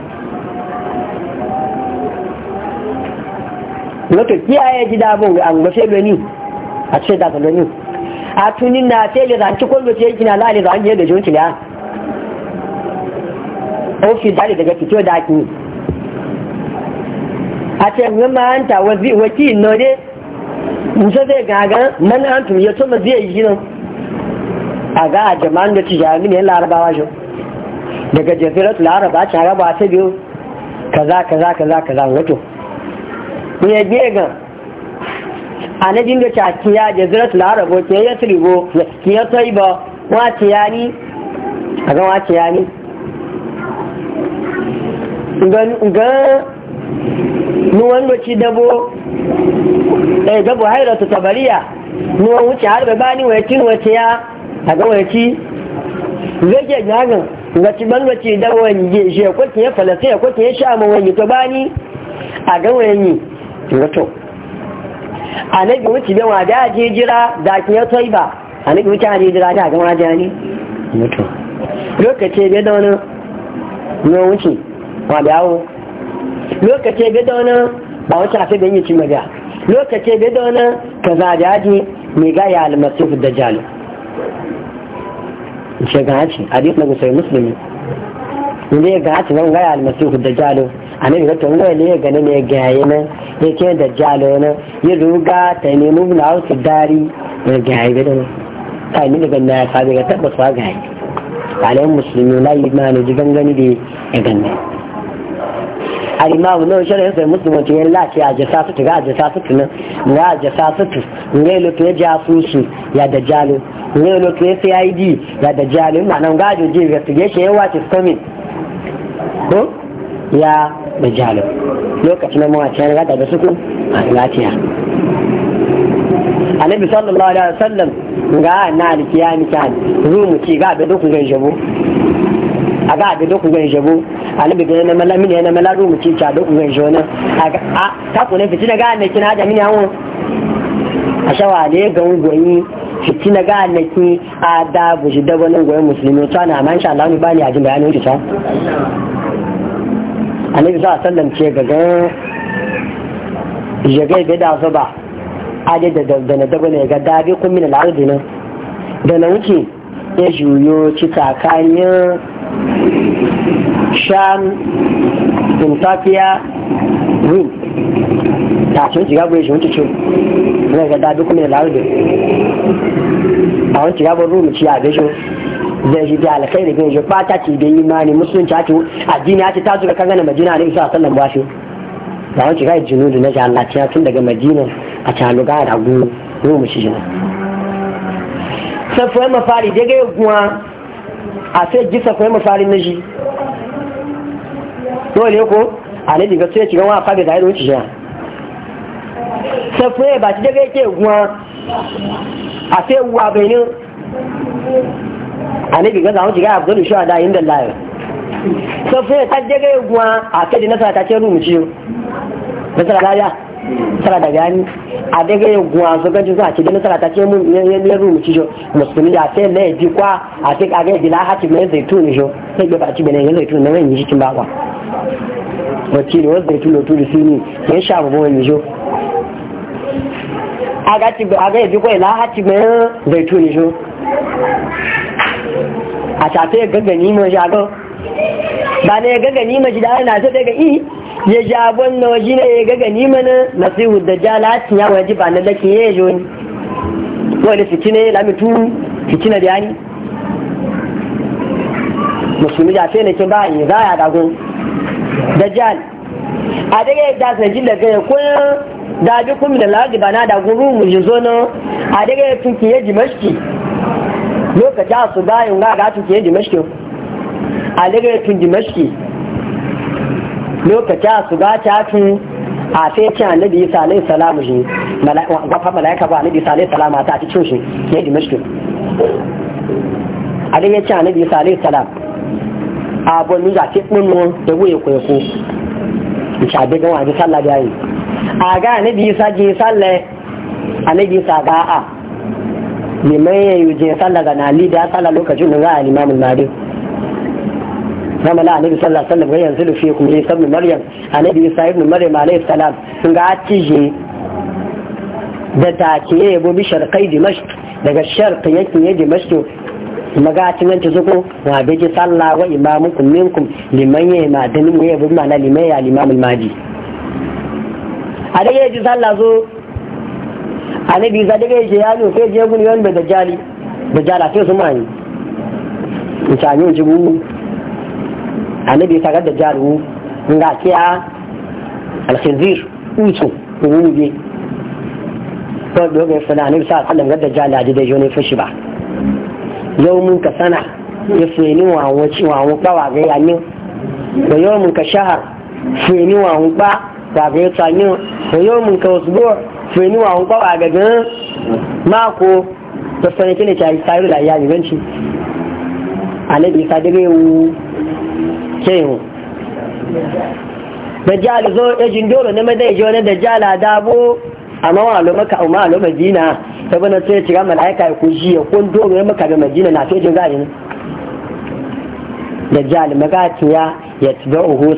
wato kiyaye ji dabon an mafe ni, a ce da loni a tunin na sai da zanci kwallo ce yake na lalai zanci da jonki na ofis da daga fito da ake a ce ngama anta wazi wakil na waje musa zai gaga man antum ya tuma zai yi nan a ga a jama'an da ci jami'in yan larabawa shi daga jazirat laraba ci haraba ta biyu kaza kaza kaza kaza wato ku ya biye ga a anabin da ta kiya jazirat laraba ke ya tribo ki ya taiba wace yani a ga wace yani ga nuwan doci dabo eh dabo haira ta tabariya nuwan wuce har da bani wa yakin wace ya a ga wace zai gagan wace ban wace dabo wani je ko ke falasa ya ko ke sha mu wani to bani a ga wani wato annabi wuce da wada je jira da ke ya sai ba annabi wuce a je jira da ga wani jani mutu lokaci da wani nuwan wuce wa dawo Lokacin bi da wani ba wacce a fi ganye ci maga lokacin ga da wani ka za jaji mai ga ya da jalo ce ga haci duk na gusai musulmi inda ya ga haci zan ga ya da jalo a nan ga wani gaya ne ya gani ne gaya yayi nan ya ce da jalo nan ya ruga ta nemi na hausu dari ya gaya yayi ga da ta yi daga na ya sabi ga tabbas wa gaya yayi alayin musulmi na yi ma ne ji gangani da ya ganna alimamu na shirin sai musu wato yin lati a jasa su ga jasa su nan ga jasa su ngai lokacin ya jasusu ya da jalo ngai lokacin ya CID ya da jalo ma nan ga joji investigation ya wace coming ko ya da jalo lokacin na ya ga da su ku a latiya annabi sallallahu alaihi wasallam ga na alkiyami kan mu ci ga da duk gan jabo a ga da duk gan alibi ga yana mala mini yana mala rumu ci ca da ugan jona a ta kunan fitina ga annaki na da mini hawon a shawa ne ga ungoyi fitina ga annaki a da bushi da wani ungoyin musulmi to ana amma insha Allah ni bani ajin bayanin wuce ta annabi sa sallam ce ga ga jagai ga da zuba aje da da na dabo ne ga dabi kun min al'ardi nan da na wuce ya juyo ci tsakanin shan intafiya rum ta sun shiga bai shi wuce ne ga dadu kuma da lardu a wani shiga bai rum ci a bai shi zai shi da alkhairi da shi fata ce da imani musulunci ake addini ake tazo ga kangana majina ne isa sallan ba shi da wani shiga junudu na jallaciya tun daga majina a caluga da gu shi jina mafari daga a ji mafari na shi dole ko alaji ga sai cikin wa faga da ido ci ja safe ba ti daga yake guwa a sai uwa bai ne zama ga zamu shiga abdul shuwa da inda layo safe ta daga guwa a kai da nasara ta ce rumu ciyo nasara lafiya sara da gani a daga yin guwa su gajin su a cikin sara ta ce mun yin ruru ci jo musulmi a sai na bi kwa a sai kaga bila haki mai zaitu ne jo sai ga baci bane yin zaitu na wani yin cikin bakwa wacce ne wasu zaitun lotu da ne ya sha abu wani jo a ga yabi kwa ila haki mai zaitu ne jo a shafe gaggani mai shago ba ne gaggani mai shi da ana sai daga i ya ja na waje na ya ga gani mana nasihu da ja latin ya waje ba na laki ya yi ni wani su ya lamitu su kine da yani musulmi da sai na kin ba yi za ya da dajjal a daga yadda sai jin da ya koyan da bi kuma da lagi ba na da guru mu ji zo na a daga ya tuki ya ji mashki lokacin su bayan ga ga tuki ya ji mashki a daga ya tuki mashki lokaci a su gata tun a sai cin annabi isa alai salamu shi gafa malaika ba annabi isa alai salama ta ci cin shi ya a dai ya cin annabi isa alai salam a bonni za ki ɗinmu da wuye kwaiko in ci abin gawa ji sallah da yi a ga annabi isa je sallah annabi isa ga a liman yayi ji sallah ga nali da sallah lokacin da za a limamin madin na mala annabi sallallahu alaihi wasallam ga yanzu fi kuma ne sabbin maryam annabi isa ibn maryam alaihi salam sun ga cije da ta ce ya yabo bi sharqai dimashq daga sharq yake ya dimashq nan yanci zuku wa bi ji sallah wa imamukum minkum liman ya ma da nimu ya bi mana liman ya limamul madi a dai ya ji sallah zo annabi za daga ya je ya sai je gun yawan da dajali dajala sai su mani mutane ji gugu annabi ya da jaru nga ke a alkhinzir uto wuje to do ga fada annabi sa kallan ga dajjal aji da jone fushi ba yau mun ka sana ya feni wa wuci wa mu bawa ga yanin da yau mun ka shahar feni wa mu ba ba ga tsanin da yau mun ka usbu feni wa mu bawa ga gan mako to sanin kine ta yi tare da yayi ganci annabi sa dare wu keyin dajjal zo ya dole ne mai da ya wani dajjal dabo amma wa lo maka amma lo madina ta bana sai ya cira malaika ya kuji ya kun doro ya maka ga madina na to jin gani dajjal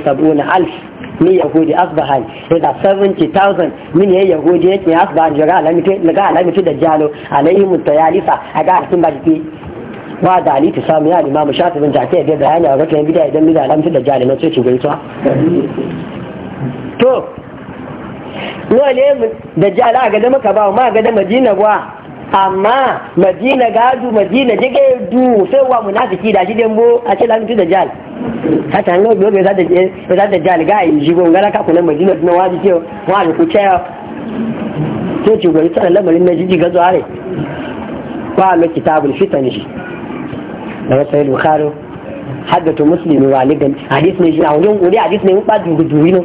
sabu na alf ni yahudi asbahan da 70000 min ya yahudi yake asbahan jira alamiti daga alamiti dajjalo alaihim tayalisa aga alkin ba jiki wa da ali ta samu ya limamu shafi bin tafiya da bayani a rakan bida idan bida alamtu da jaliman sai cikin gaisuwa to nole mu da jala a gada ka ba ma a gada madina ba amma madina gadu madina jike du sai wa munafiki da shi dembo a ce lamtu da jali hata an biyo ga da za da jali ga yi shigo gara ka kunan madina na waji ke wa ku ce to ci gaisuwa lamarin na jiji ga zuwa ne ba mai kitabul ne shi da wasu yi bukari haddatu muslimi walidan hadis ne shi a wajen wuri hadis ne ba duguduwi ne.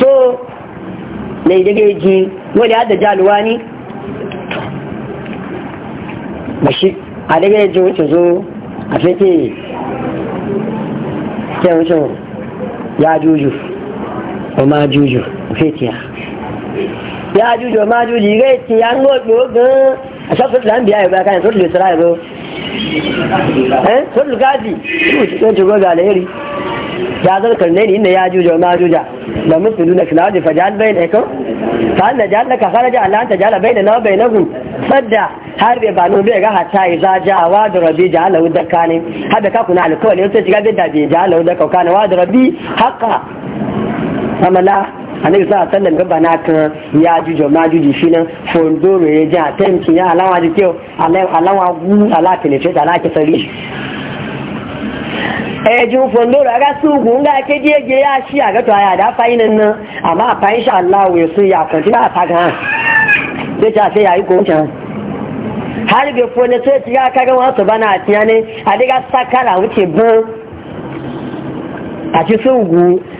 so ne daga ji wani hadda jaluwa ne ba shi a daga yaji wuce zo a fake ke wuce ya juju o ma juju fetiya ya juju o ma juju ga ya ce ya ngoɗo gan a sha sotul hanbiya ya bayan sotul isra ya zo eh sotul gadi sun ci goga alheri ya zarkar ne inda ya juja wa majuja da musulmi na filawaji fa jihar bayan aikon ta hannu jihar na kakar jihar lanta jihar bayan na bayan na sadda har bai banu bai ga hata yi za ja wa da rabi jihar da kanin har da kakuna alkawali wata shiga bai da bai jihar lahu da kaukana wa da rabi haka samala annabi sa sallan gaba na kan ya jujo ma juji shi nan fondo re ya ji atemkin ya alawa ji kyau alawa gu ala penetrate ala ke sari ejin fondo ra ga su gun ga ke je je ya shi a ga to ya da fayin nan amma fa insha Allah we su ya kan ta ta ga sai ta sai yayi ko can har ga fo ne sai ya kaga wasu bana tiyane a diga sakara wuce bu a ci sun gu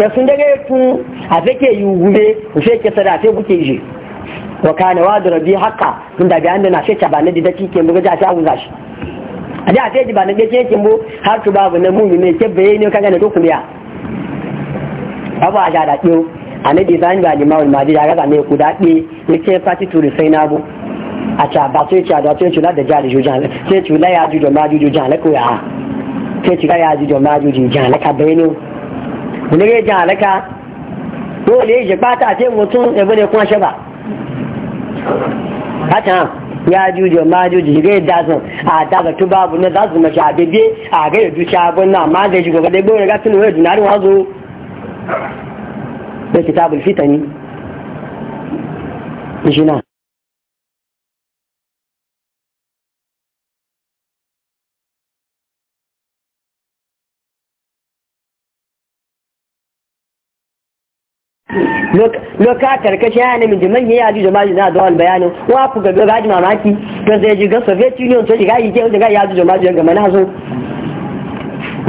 ya sun daga ya tun a zake yi wure ku fake sada sai kuke je wa kana wa rabi haka tun daga an na fake ba na didaki ke mu ga a wuza shi a da fake ba na da kike mu har tu babu na mu ne ke ne kan ga to kuliya abu a da kiyo a na design ga mawul madi da ga ne ku da ke yake party to sai na bu a ca ba sai ci a da sai ci la da jari jujan sai ci la ya ju da ma ju jujan la ko ya sai ci la ya ju da ma ju jujan la ka bayani ne ga jan halaka ko ne ya ba ta ce mutum ya bane kuma shaba hata ya juju ma juju ga da sun a ta ga tuba ne na zo su mashi a bebe a ga yadda shi abin na ma da shi gaba da gaba ga tunu wani dinarin wazo da kitabul fitani loka karkashin yana namiji manyan yaji da maji na dawal bayanin wa ku ga gaji mamaki don zai ji ga soviet union to shiga yake wanda ga yaji da maji gama na so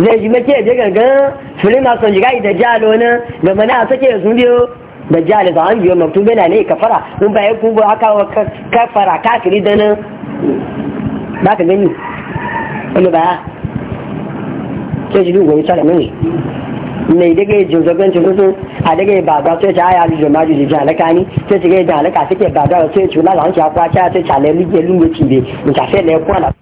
zai ji make je gargan freemason shiga da jalo na gama na sake sun biyo da jalo da an biyo maktu bena ne kafara in ba ya ku ba aka kafara kafiri da nan ba ka gani wani ba ke shi duk gwamnati da mani mai daga yi jinzogin cikin a daga yi baga sai ta haya lijo maju jiji halaka ni sai ta gai da halaka suke baga da sai da hankali akwa ta sai ta lalli lungu cibe in ta na ya kwana.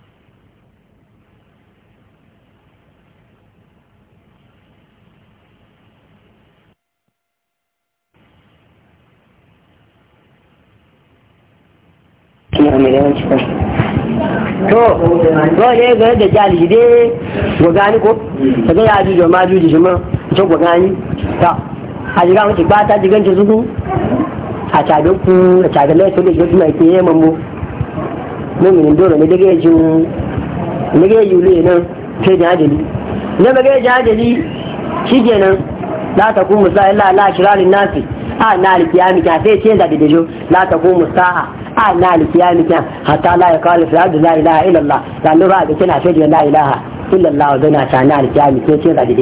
to, ko ne ga yadda jali dai wa gani ko, ga ya ma juji shi ma. tó gbọ̀n ayé yìí àjíká àyíká ti gbá tájí gẹ́ ní tuntun àtàdé kú àtàdé lẹ́sẹ̀ lè gbẹ́dúmọ̀ ìpè yẹn mọ̀ mọ́ mọ́mìnì dòrò ní gẹ́gẹ́ ju ju lè náà tó jẹ́ àjẹ́lì ní gẹ́gẹ́ jẹ́ àjèlí ṣíjẹ náà musa ilá aláṣírá a náà lè kí dàdé musa a náà lè kí náà fẹ́ náà náà lè kí dàdé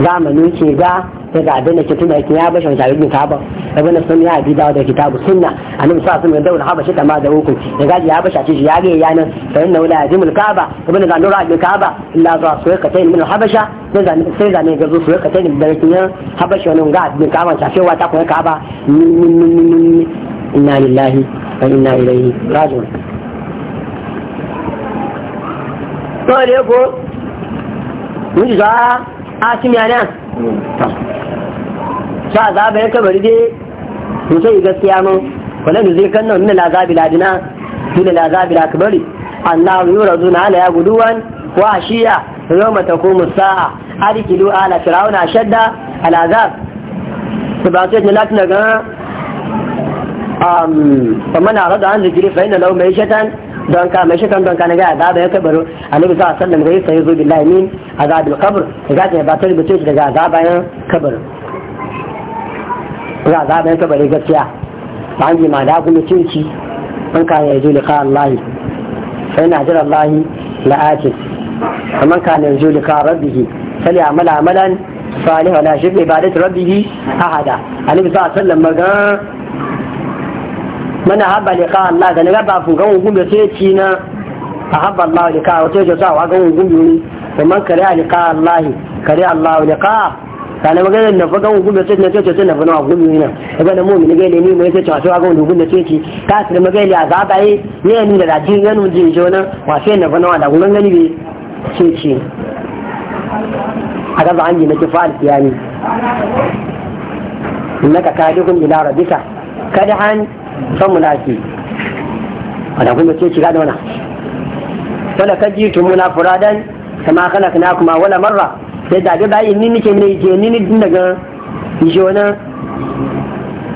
zamanin ke ga ya ga abin ke tuna ke ya bashin shari'a kaba sun ya da kitabu sunna sa sun da ya gaji ya ya ga ya nan kaba zanura kaba illa za su ka tayin min habasha sai zane ga zo su ga kaba ta cewa ta kuma kaba inna lillahi wa inna ilaihi raji'un to ne ko mun ji za asim nan sha azaba ya kabari dai sai gaskiya mun wala da zai kan nan la zabi dina dole la zabi allah annahu yuraduna ala ya guduwan wa ashiya yawma taqumu sa'a adikilu ala fir'auna shadda ala azab sabatu ne latin ga um na rada an zikiri fa inna lahu ma'ishatan don ka mai shekan don ka na gaya azaba ya kabaro annabi sallallahu alaihi wasallam gai sai zo billahi min azabil qabr ga ta ba ta rubuce daga azabayan kabarin ga ya kabarin gaskiya ba an ma da kuma cinci an ka ya ji liqa Allah sai na jira Allah la'ati amma ka ne ji liqa rabbihi sai ya amala amalan salih wala shirka ibadatu rabbihi ahada annabi sallallahu alaihi wasallam magan mana haba liqa Allah ga ga ba fun ga gumbe sai ci na a haba Allah liqa wato ya sa wa ga gumbe ne to man kare liqa Allah kare Allah liqa kana magana na fa ga gumbe sai na ce sai na fa na gumbe ne daga da mu'min ga ne ni mai sai ta ga gumbe sai ci ka sai magana ya za ba yi ne ni da jin ganu jin jona wa sai na fa na da gumbe gani bi sai ci a ga an yi na kifa alkiyami innaka kadikun ila rabbika kadhan son munafiki wanda kuma ce shiga da wana wala kaji tumuna furadan kama na kuma wala marra sai da ga bayin ni nike ne ke ni din daga jona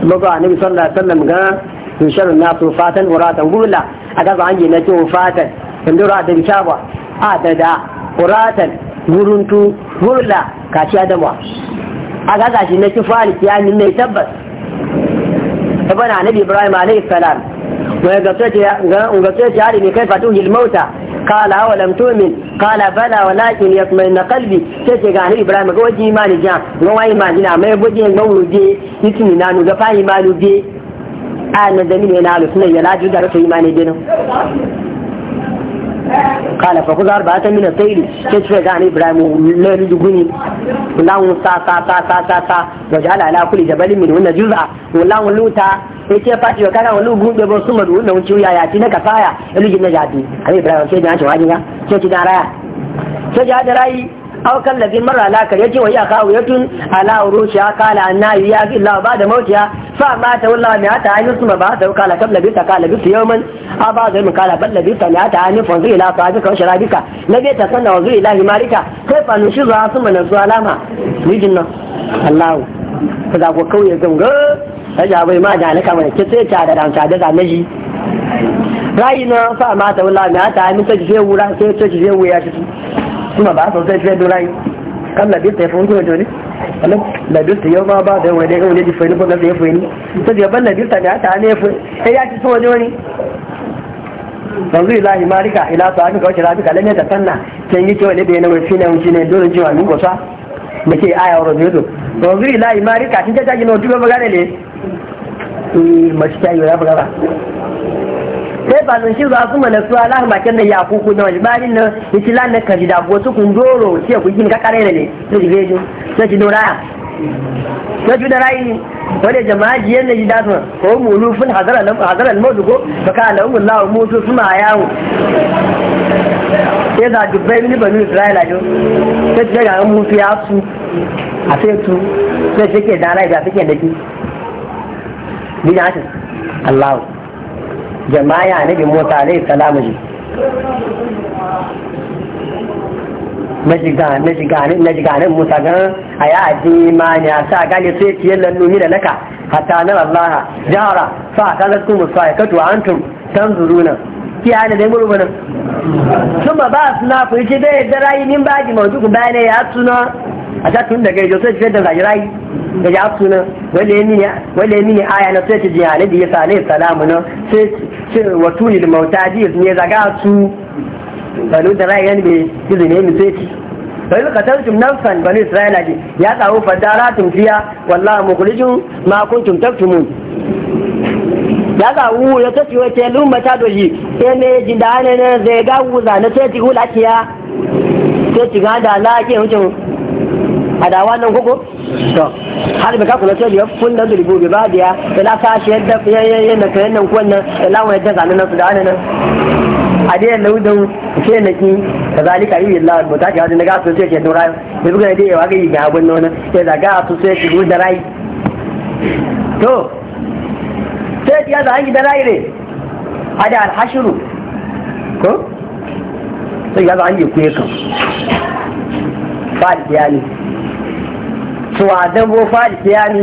baba annabi sallallahu alaihi wasallam ga na su fatan uratan gula aga ba anje na ce fatan indura da bishaba a da da uratan guruntu gula gurla kaci adamwa aga gashi na kifali ya ni ne tabbas bana annabi ibrahim alayhi salam wa ga sai ga ga sai ya ne kai fatu hil mauta qala wa lam tu'min qala bala walakin yatma'inna qalbi sai ce ga annabi ibrahim ga waji imani ja ga wai imani na mai goje ga wuje yitini na nu ga fa imani be a na da ni na alusuna ya laju da rasu imani dinin kala fa kuzar ba ta mina tsayi ke ce ga ni ibrahim lalu duguni wallahu sa sa sa sa sa sa da jala ala kulli jabal min wannan juz'a wallahu luta yace fati wa kana wallu gumbe ba su madu wannan ciwo ya ti na kafaya ilu jin na jadi ani ibrahim ji an ce wajin ya ke ji da raya ce ja da rayi aw mara ladhi marra ala wa yace wa ya khawiyatun ala urusha kala anna ya fi Allah ba da mautiya fa ma ta wallahi ma ta su ma ba ta kala kam labi ta kala bi yawman ba zai mu kala ban labi ta ma ta ayi fanzu ila sabi ka sharabika bai ta sanna wa ila ilahi marika kai fa nushi zuwa suma na zuwa lama mijin nan Allah ka za ku kauye zanga raja bai ma da alaka mai kitse ta da dan ta da zanaji rayina na fa ma ta wallahi ma ta ayi ta jiye wura sai ta jiye wuya ta ثم بعثه زي شوية دولاي قال لبيت يفون كما جوني قال لبيت يوم بعد يوم وليك وليك ta بقى لبيت يفوني تجي بل لبيت أنا أتعني يفوني هي أتي سوى جوني yanzu ilahi malika ila ta aka kawace rafi kalan ta sanna can yi cewa ne da yana mai fina wuce ne dole cewa ni gosa da ke aya wa rajudu yanzu ilahi malika tun ta ta gina wata magana ne masu kyayi ya bugara sai ba zan shi za su mana su Allah ma kenan da ya ku na wani barin nan yace na kaji da go su kun doro ce ku kin ka kare ne to ji bejo sai ji dora ya to ji da rayi wani jama'a ji yanda ji su ko mu mulufin hazara lam hazara al mawdu ko baka lahum Allah su suna yawo ya da dubbai mini banu Isra'ila jo sai ga mutu ya su a sai tu sai take da rai da take da ki bi da Allah jama'a bi Musa alaihi salamu ji na shiga nan musa gan a yi aji ne a sa gane sai ciye lallomi da naka hatta na Allah jahara fa a kanar su musa ya kato an tun san zuru nan ki hana da yamuru nan sun ba ba su na fuyi da yadda rayu min ba ji mawujuku bayan ya suna a ta tun daga yau sai ce da zagirayi da ya suna wale mini aya na sai ce jiya ne ya sa ne salamu na sai ce wa tuni da mauta jiyas ne zaga su banu da rai yan bai ne mi sai ci bai suka nan san banu isra'ila ji ya tsawo fadaratun fiya wallahu mukhrijum ma kuntum taktumun ya ga wu ya tace wace lumba ta doji sai ne da ne zai ga wuza na sai ti hula kiya sai ti ga da la wucin adawa nan koko to har bi ka kula ce da fun da dubu bi ba da da la ka shi yadda na ka nan ko nan la wa yadda zanan su da nan a dai laudau ke na ki kazalika yi Allah ba ta ga da ga su ce ke dora bi bugun dai wa ga ga abun nan sai da ga su sai ki da rai to sai ya da hangi da rai ne ada al-hashru ko sai ya da hangi ku yakan ba da yani cewa dan bo fadi kiyami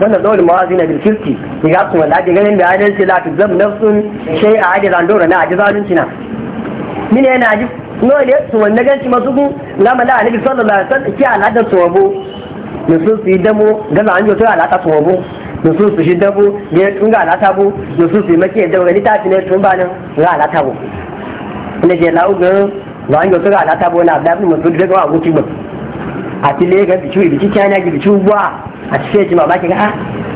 wannan dole mawazi na bilkisti ki ga kuma da ganin da adalci la tuzam sun shay a ajira dora na ajiza zalunci na mine yana ji no ne su wannan ganci masu ku lama la annabi sallallahu alaihi wasallam ki su wabo nusu su yi damo gaza an jo to su wabo nusu su shi dabo ne tun ga alaka bu nusu su yi make da wani tafi ne tun ba nan ga alaka bu ne je la'u ga ba an to ga alata bu na da ibn su daga wa gutu ba àti lẹ́gàn bìtú ìbìtú china jì bìtú wà ji ma ba ki ga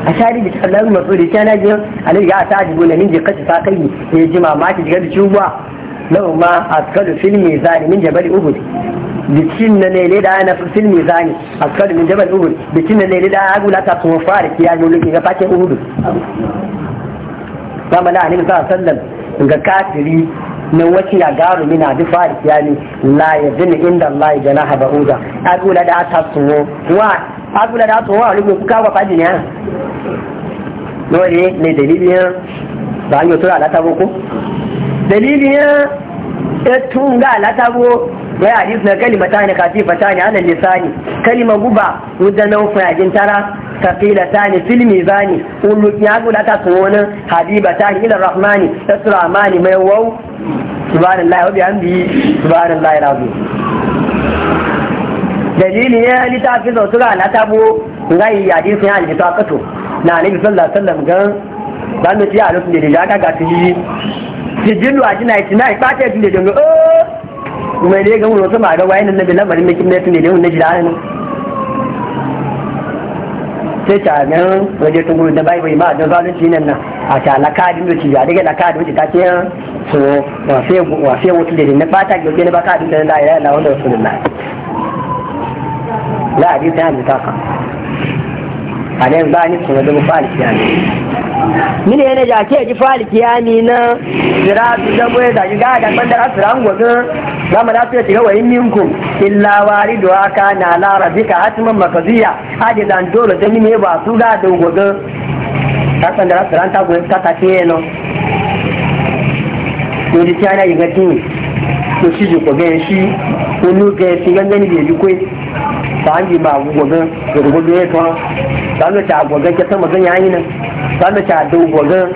a shari bìtú aláwọ̀ mọ̀tò ìbìtú china jì alẹ́ ga ta gona min je kàtì ta kai ji ma ma ki ga bìtú wà lọ́wọ́ ma àtúkàdù filmi zani min bari uhud bikin na ne da na filmi zani askar min bari uhud bikin na ne da agu la ta kuma fara kiya ne lukin ga fakin uhud kama da annabi sallallahu alaihi wasallam ga kafiri na wace ya garu mina duk ba ya ne la ya dina inda Allah ya jana haba uza agula da ta tsoro wa agula da a rubu kuka wa fadi ne lori ne dalilin ba an yi tura alata ko dalilin tun ga alata ko ya hadis na kalimata ne kafi fata ne alal lisani kalima guba wajen nan fayajin tara ثقيلتان في الميزان قل يقول لك سوون حبيبتان إلى الرحمن الرحمن ما يوو سبحان الله وبحمده سبحان الله العظيم dalilin ya ta fi zautura na tabo ngai ya din sun halitta ta kato na nabi sallallahu alaihi gan dan mu ci a lokacin da ya ka ga tiji tijin wa jina ci na ba ta tun da dango o mai ne ga mu so ma ga wayan nabi lamarin ne kin ne tun da ne jira ne sai ta nan waje tun gudun da bai bai ma nan a ta lakadin da ci ya daga lakadin da so da ga da la ilaha illallah wa rasulullah la hadisi ta anan ba ni kuma zama fa'al kiyami mini yana ja ke ji fa'al kiyami na sira su zama ya zaki ga da bandar asira an gwagin zama da su wa shiga wayin minkum illa wari da aka na lara bika hatiman makaziya Haji zan dole ta mini ba su ga da gwagin ta bandar asira ta gwagin ta ce no ko ta yana yi gati ko shi ji ko ga shi ko nuka ya fi da ya ji kwai sa'an yi ba gwagan gwargwado ya tuwa sa'an da ta gwagan ke sama zan yayi nan sa'an da ta dau gwagan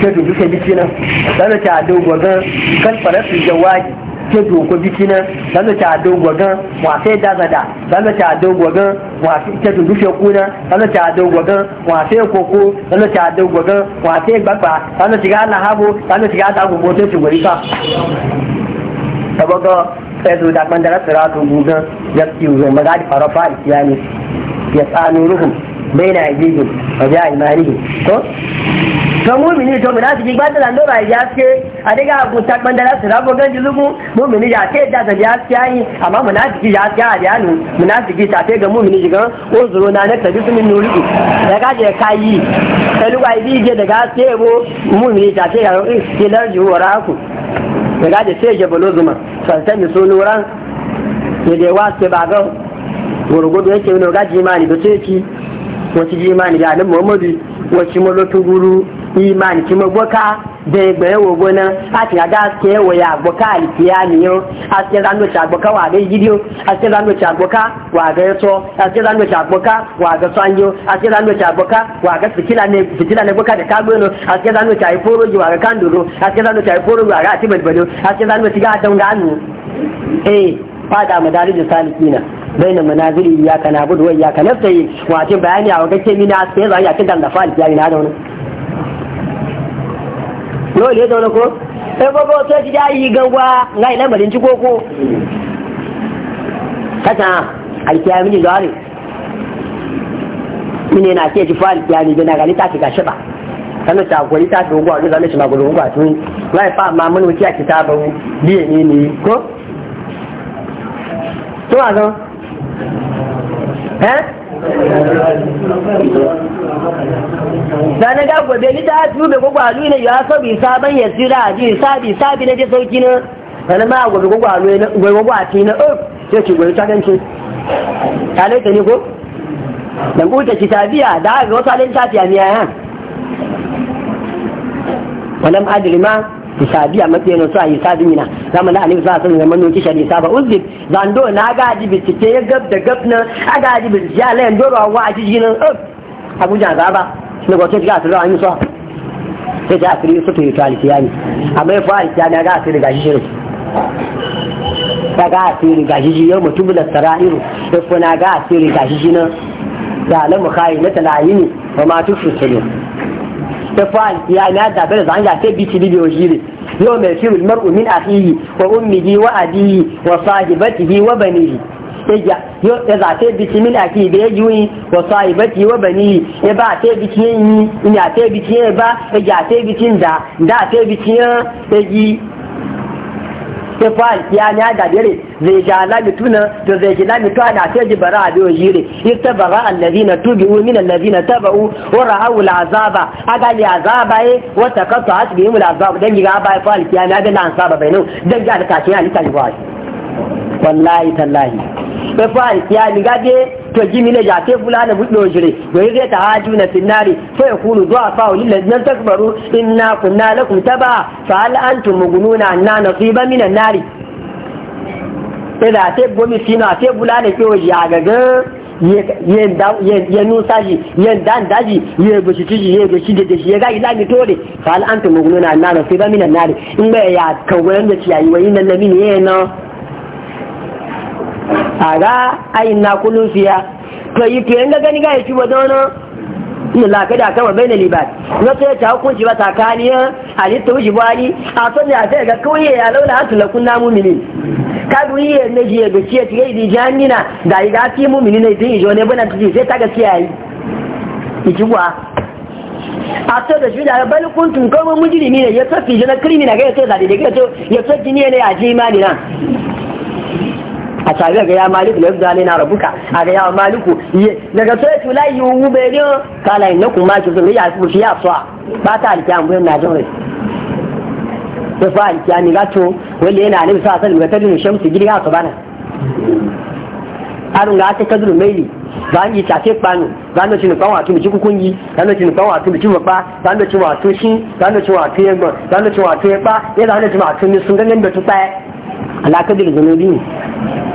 ke dubu ke biki nan sa'an da ta dau gwagan kan farasu jawaji ke doko biki nan sa'an da ta dau gwagan wasai dazada sa'an da ta dau gwagan wasai ke dubu ke kuna sa'an da ta dau gwagan wasai koko sa'an da ta dau gwagan wasai gbagba sa'an da shiga alahabo sa'an da shiga adagun motoci gwari ka. Sabaga فيزول ذاك من درس صراط وجودا يسكيوزون مغاد فرفا يعني يسعى نورهم بين أيديهم وجاء إيمانهم kan mumini to mina su ba ta lando ba ya ce a daga abu ta bandara su rabo gan jilugu mumini ya ce da ya ce yi amma munafiki ya ce a yanu munafiki ta ce ga mumini jigan o zuro na na tabi sumin nuri da ga je kayi sai lugwa bi je daga ce bo mumini ta ce ga ran istilar juwara ku da gaje sai ya balo zuma sansan da sun nuran da da yawa su ba ga gurgudu yake wani gaji imani da sai ki wasu ji imani ga nan muhammadu wasu malotu guru imani mo gboka de gbe wo gona ati aga ke wo ya gboka boka alkiyami yo ati ga no cha gboka wa yidi o ati ga no cha gboka wa ga so ati ga no cha gboka wa so sanjo ati ga no cha gboka wa ga fitila ne fitila ne gboka de ka kagbo no ati ga no cha iporo ji wa ga kanduro ati ga no cha iforo wa ga ati balbalo ati ga ndo ga da nganu eh fada madarijin salikina bayna manazili ya kana budu wa ya kana sai wa ti bayani a wakace mina sai zai ya kidan da fa'al ya ina da wannan yau ne zaune ko eh, sai gogo sai ji jayi gangwa ga ina marin ci koko kasa alkiya mini zuwari mine na ke ji fa alkiya ni na gani ta ga gashi ba kana ta gori ta dogo a zama shi magulu gwa tun lai fa ma mun wuce a kitabu biye ne ne ko to a zo eh da na ga gobe ni ta tube gwagwalu ne ya so bi sabon ya tsira a ji sabi sabi ne je sauki na ranar ma gobe gwagwalu ne gobe gwagwati ne up oh, sai ki gobe ta ganci ta le laita ne ko dan ta ki ta biya da ga wata le ta miya yan walam adri ma hisabi a matsayin su a hisabi yana zama na alifu sa sun zama noki shari saba uzbek zando na gaji bitike ya gab da gab na a gaji bitike ya layan doro wa a jijin up abuja zaba na gwato ga su rawa musa sai ta afiri su tuyi talifiyani amma ya ne kiyani ga asiri gashi shirin ta ga asiri gashi shi yau mutum da sara'iru da kuna ga asiri gashi shi nan da alamu kayi na talayini ba ma su sulun تفعل يعني هذا برز عندها تبي تبي بوجيري يوم يصير المرء من أخيه وأمه وأبيه وصاحبته وبنيه إجا يزع تبت من أكي بيجوي وصايبتي وبني إبا تبت يني إني تبت يبا إجا تبت يندا دا تبت يجي sai ya alkiyani ya gadere zai ga lamituna to zai ji lamituwa na sai ji bara a biyo jire ita bara allazina tubi'u min allazina taba'u wa ra'awu al'azaba aga li azaba ye wa taqattu asbihim al'azab dan ga ba fa alkiyani ya ga lan saba bainu dan ga alkaci ya lita ji ba wallahi tallahi fa ya ni gaje to ji mine ja te fulana budo jire wa yaje ta haju na sinari fa kunu du'a fa lil ladina takbaru inna kunna lakum taba fa hal antum mugununa anna nasiba minan nari ida te gomi sina te fulana ke waje a gaga ya nusa shi ya dan daji ya bashi tuji ya bashi da dashi ya gaji lami tole fa hal antum mugununa anna nasiba minan nari in ba ya kawo yanda ciyayi na yin ne ne na a ga ayin na kullum fiya to yi to yanga gani ga yaki wajen wani ina lafi da kama bai na libat na sai ya ci hukunci ba tsakaniyar halitta wuce buhari a son ya sai ga kawai ya laula an tulakun na mumini ka duyi ya na ji ya gaci ya ci gai di da yi gafi mumini na itin ijo ne bana tuji sai ta gaskiya yi ikiwa a to da shuda bal kuntum kawai mujirimi ne ya tafi jina na ga ya sai da daidai ga ya tafi ne ne a jima ne nan a tabi ga ya maliku la yuzali na rabuka a ga ya maliku daga sai tu yi yuwu be ne kala inna kuma maki zuri ya su ya so ba ta alkiyan bu na rai to fa alkiyan ni gato wanda yana ne sa sallu ga tadin shamsu gidi ha bana arun ga ta kadru maili zan yi ce kpanu zan da cinu kwanwa tun cikin kungi zan da cinu kwanwa tun cikin ba zan da cinu wato shi zan da cinu wato yagba zan da cinu wato yagba ya zan da cinu wato ne sun ganin da tuta alakadin zunubi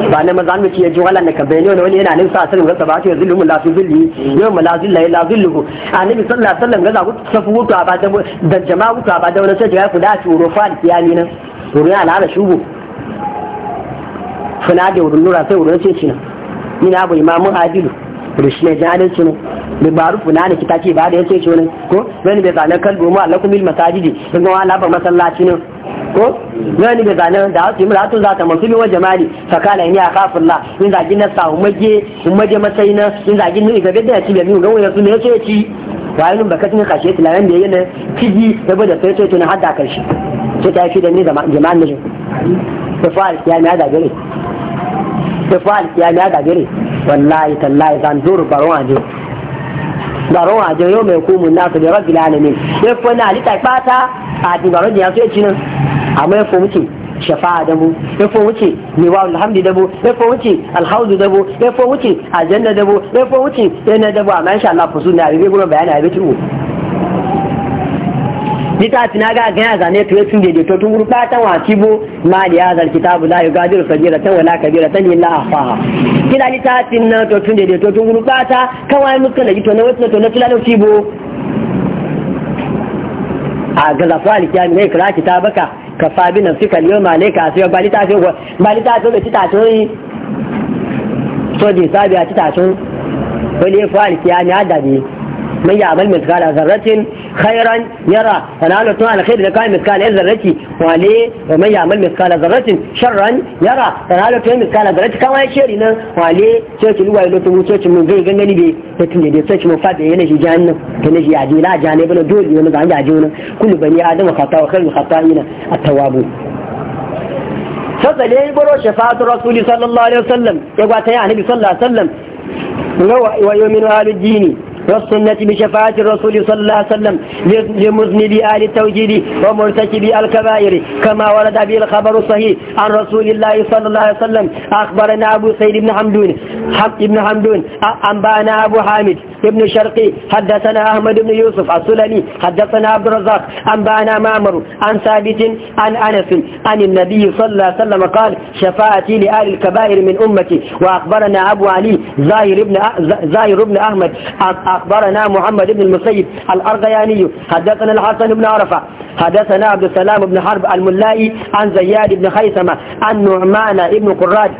ba na maza mu ce ji wala ka bayyana ne wani yana nan sa sallan ba sabati ya zulmu lafi zulli yau ma la zulla la zulluhu annabi sallallahu alaihi wasallam gaza ku safu wuta ba da jama'a wuta ba da wani sai ya kuda turo fal kiyali nan turo ya al'ada shugo funa da wurin nura sai wurin sai shi nan ina abu imamu adilu rushiya jahalci ne bi baru fulani kita ce ba da yace shi ne ko wani bai zanen kalbo mu Allah kumil masajidi sun gawa wala masallaci ne ko wani bai zanen da hasu mu ratu zata masu wa jamali fakala kafin la in zagi na sa umaje umaje matsayi na in zagi ni ga bidda ci bi mu ga ne yace ci wayin baka tin kashe tilaran da yana tiji da bada sai ce tun hadda karshe ce ta fi da ni da jama'an ne ko fa ya na da gare ko ya na da gare wallahi tallahi zan duru baron ajo baron ajo yau mai kumu na su da rabbi ne ya fi wani halitta fata a di baron ya so ya ci nan amma ya fi mutu shafa'a dabu ya fi ni niwa alhamdu dabu ya muke wuce da dabu ya fi muke aljanna dabu ya fi muke yana dabu amma insha Allah fusu na bibi gurin bayani a bibi nita tina na ga ganya zane to tun dede to tun gurba ta wa kibo ma ya hadal kitabu la yugadiru sajira tan wala kabira tan illa afa kila lita na to tun dede to tun gurba ta kawai muka da to na wato to na da kibo a ga fali ya ne kira kitabaka ka fabi nafsika al-yawma sai asiya balita ce balita ce da tita to so di sabi a tita tun wani ya fi alkiya ne adabi mai yamal mai tsara zarratin خيرا يرى انا فنعلم تعالى خير إذا كان مثقال ذرة وعليه ومن يعمل مثقال ذرة شرا يرى فنعلم تعالى مثقال ذرة كما يشيرنا وعليه سوش الوى يلوتو سوش من غير غير نبي تتني دي سوش مفاد ينجي جان ينجي عجي لا جانبنا دول ينجي عن جانبنا كل بني آدم وخطاء وخير وخطائنا التواب فضل يبرو شفاة الرسول صلى الله عليه وسلم يقول تيا نبي صلى الله عليه وسلم ويؤمن أهل الديني والسنة بشفاعة الرسول صلى الله عليه وسلم لمذنب آل التوجيه ومرتكب الكبائر كما ورد به الخبر الصحيح عن رسول الله صلى الله عليه وسلم أخبرنا أبو سيد بن حمدون حق بن حمدون أنبأنا أبو حامد ابن شرقي حدثنا أحمد بن يوسف السلمي حدثنا عبد الرزاق أنبأنا معمر عن ثابت عن أنس عن النبي صلى الله عليه وسلم قال شفاعتي لآل الكبائر من أمتي وأخبرنا أبو علي زاهر بن زاهر بن أحمد أخبرنا محمد بن المسيب الأرغياني حدثنا الحسن بن عرفة حدثنا عبد السلام بن حرب الملائي عن زياد بن خيثمة عن نعمان بن قراج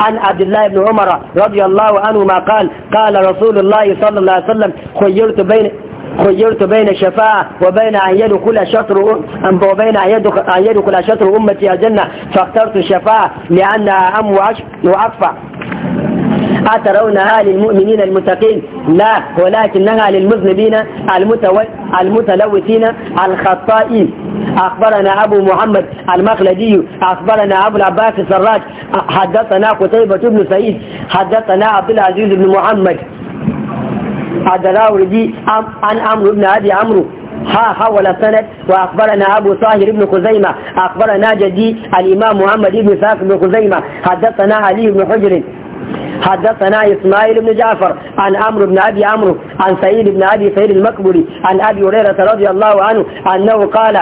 عن عبد الله بن عمر رضي الله عنه ما قال قال رسول الله صلى الله عليه وسلم خيرت بين خيرت بين الشفاعة وبين أن يدخل شطر وبين أن يدخل شطر أمتي الجنة فاخترت الشفاعة لأنها أم وأكفى أترونها للمؤمنين المتقين لا ولكنها للمذنبين المتلوثين الخطائين أخبرنا أبو محمد المخلدي أخبرنا أبو العباس السراج حدثنا قتيبة بن سعيد حدثنا عبد العزيز بن محمد الدراوردي عن عمرو بن أبي عمرو ها حول السند وأخبرنا أبو صاهر بن خزيمة أخبرنا جدي الإمام محمد بن ساق بن خزيمة حدثنا علي بن حجر حدثنا إسماعيل بن جعفر عن عمرو بن أبي عمرو عن سعيد بن أبي سعيد المقبري عن أبي هريرة رضي الله عنه أنه قال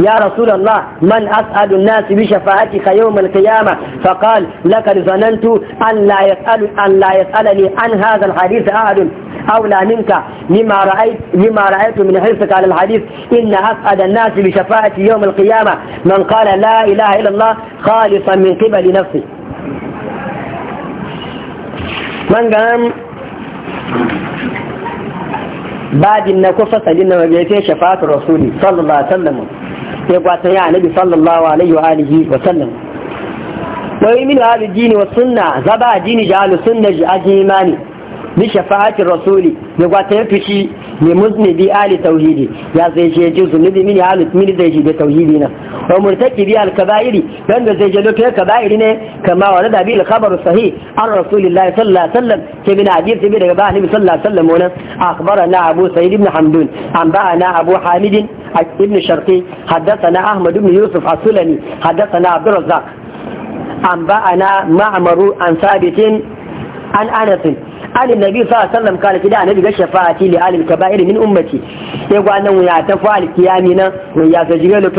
يا رسول الله من أسعد الناس بشفاعتك يوم القيامة فقال لقد ظننت أن لا يسأل أن لا يسألني عن هذا الحديث أحد أولى منك لما رأيت لما رأيت من حرصك على الحديث إن أسعد الناس بشفاعتي يوم القيامة من قال لا إله إلا الله خالصا من قبل نفسه Mangan gan babin na ko fasalin na mabiyace shafatu rasuli sallallahu alaihi wasallam ya gwatan ya annabi sallallahu alaihi wa alihi wa sallam Wai yi min hadu dini wa sunna zaba dini jahalu sunna ji ajimani bi shafa'ati rasuli ya gwatan ya fushi. bi musnidi ali tauhidi ya zai je ji zunubi mini ali mini zai je tauhidi na wa murtakibi al kaba'iri dan da zai je lokacin kaba'iri ne kama wa da bi al khabar sahih an rasulillahi sallallahu alaihi wasallam ke bin hadith bi daga ba nabi sallallahu alaihi wasallam wannan akhbarana abu sa'id ibn hamdun an ba'ana abu hamid ibn sharqi haddathana ahmad ibn yusuf as-sulami haddathana abd الرزاق أنبأنا mamaru an sabitin an أنس an nabi sallallahu alaihi wasallam kala kida annabi ga shafa'ati li alil kaba'ir min ummati sai gwa nan ya ta fa kiyami nan ya ga jiga lo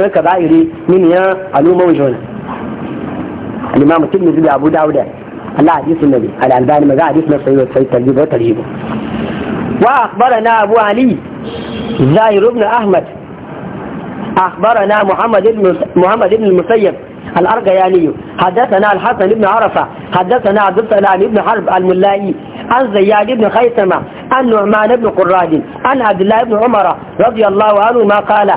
min ya aluma wajon al-imam tirmidhi da abu dawud Allah hadisi nabi al-albani maga hadisi na sayyid sayyid tarjib wa wa akhbarana abu ali zahir ibn ahmad أخبرنا محمد بن محمد بن الأرجياني حدثنا الحسن بن عرفة حدثنا عبد السلام بن حرب الملائي عن زياد بن خيثمة عن نعمان بن قراد عن عبد الله بن عمر رضي الله عنه ما قال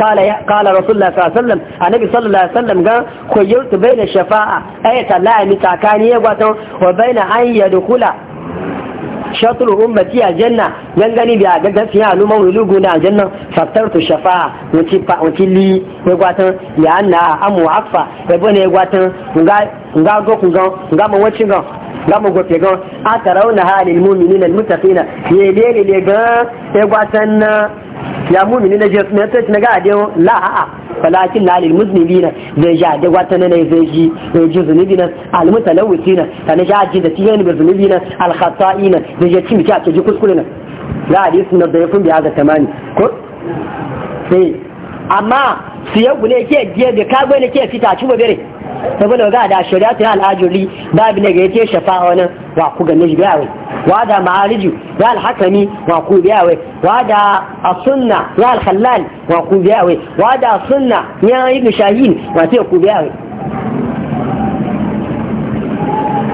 قال قال, رسول الله صلى الله عليه وسلم النبي صلى الله عليه وسلم قال كيوت بين الشفاعة أية الله متاكانية وبين أن يدخل shatul ummati aljanna gangani da ga gaskiya alumma wulugu na aljanna faktartu shafa'a wuci fa wuci li ya gwatan ya anna amu afa ya bane ya gwatan nga nga go ku ga nga mu wuci ga nga mu gofe ga a halil mu'minina almuttaqina ye le le ga ya gwatan ya mumini na jesu mai tsoci na ga adiyo la'a'a falakin na alil musulmi na zai ji da wata na zai ji ji zunubi na almutalawisi na ta na ji aji da tiyo ne zunubi na alhassa'i na zai ji cimci a ce ji kuskure na za a na da ya kun biya ga tamani ko sai amma su ya gune ke jiya da ka gwai ke fita ci babere ta gwai ga da shari'a ta al'ajuri babu ne ga yake shafa'a wani wa ku ga ne biya wai wa da ma'ariju ya alhakami wa ku biya wai wa da asunna ya alhallal wa ku biya wai wa da sunna ya yi shahin wa ta ku biya wai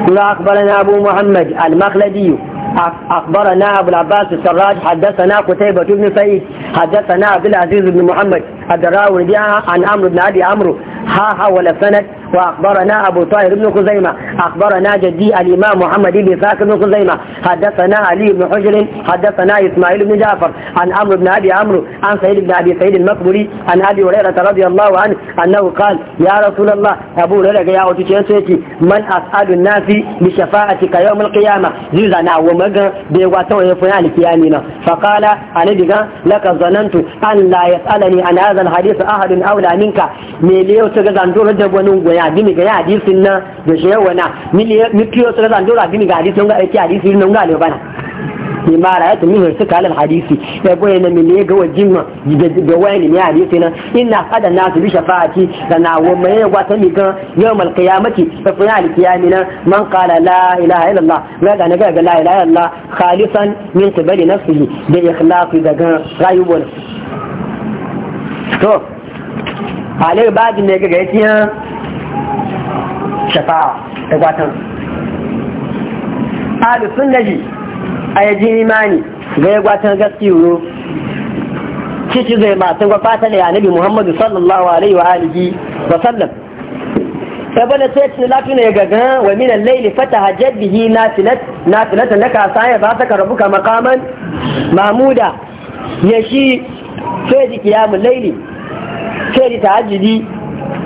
kula akbarin abu muhammad al المخلدي أخبرنا أبو العباس السراج حدثنا قتيبة بن سعيد حدثنا عبد العزيز بن محمد الدراوي آه، عن عمرو بن أبي عمرو ها ها ولا سند وأخبرنا أبو طاهر بن خزيمة أخبرنا جدي الإمام محمد بن ساك بن خزيمة حدثنا علي بن حجر حدثنا إسماعيل بن جعفر عن عمرو بن أبي عمرو عن سعيد بن أبي سعيد المقبري عن أبي هريرة رضي الله عنه أنه قال يا رسول الله أبو هريرة يا أوتي من أسأل الناس بشفاعتك يوم القيامة زيزا ومجا مجا بيواتو يفنان كيامنا فقال أنا بيغا لك ظننت أن لا يسألني عن هذا الحديث أحد أولى منك ميليو تغزان دور دبونون ya gini ga ya hadisin na da shi yawa na miliyo su razan dora gini ga hadisin ga aiki hadisin nan ga bana ni ma ra yata mihir suka halal hadisi ya goye na miliyo ga wajen ma ga wani ne hadisi na ina kada na su bi shafa'ati da na wa mai yawa ta mi ga yau mal qiyamati da fa al qiyami na man qala la ilaha illallah ga ga ga la ilaha illallah khalisan min qibali nafsihi da ikhlasi daga rayuwar to alai ba ne ga gaskiya shafa'a da gwatan ahlu sunnaji a yaji imani ga ya gwatan gaski wuro cici zai masu gwafata ne annabi muhammadu sallallahu alaihi wa alihi wa sallam sabana sai cin lafi ne gaga wa minan laili fata hajjar bihi nafilatan na kasa ya ba ta karabu ka makaman mamuda ya shi sai ji kiyamun laili sai ji tahajjudi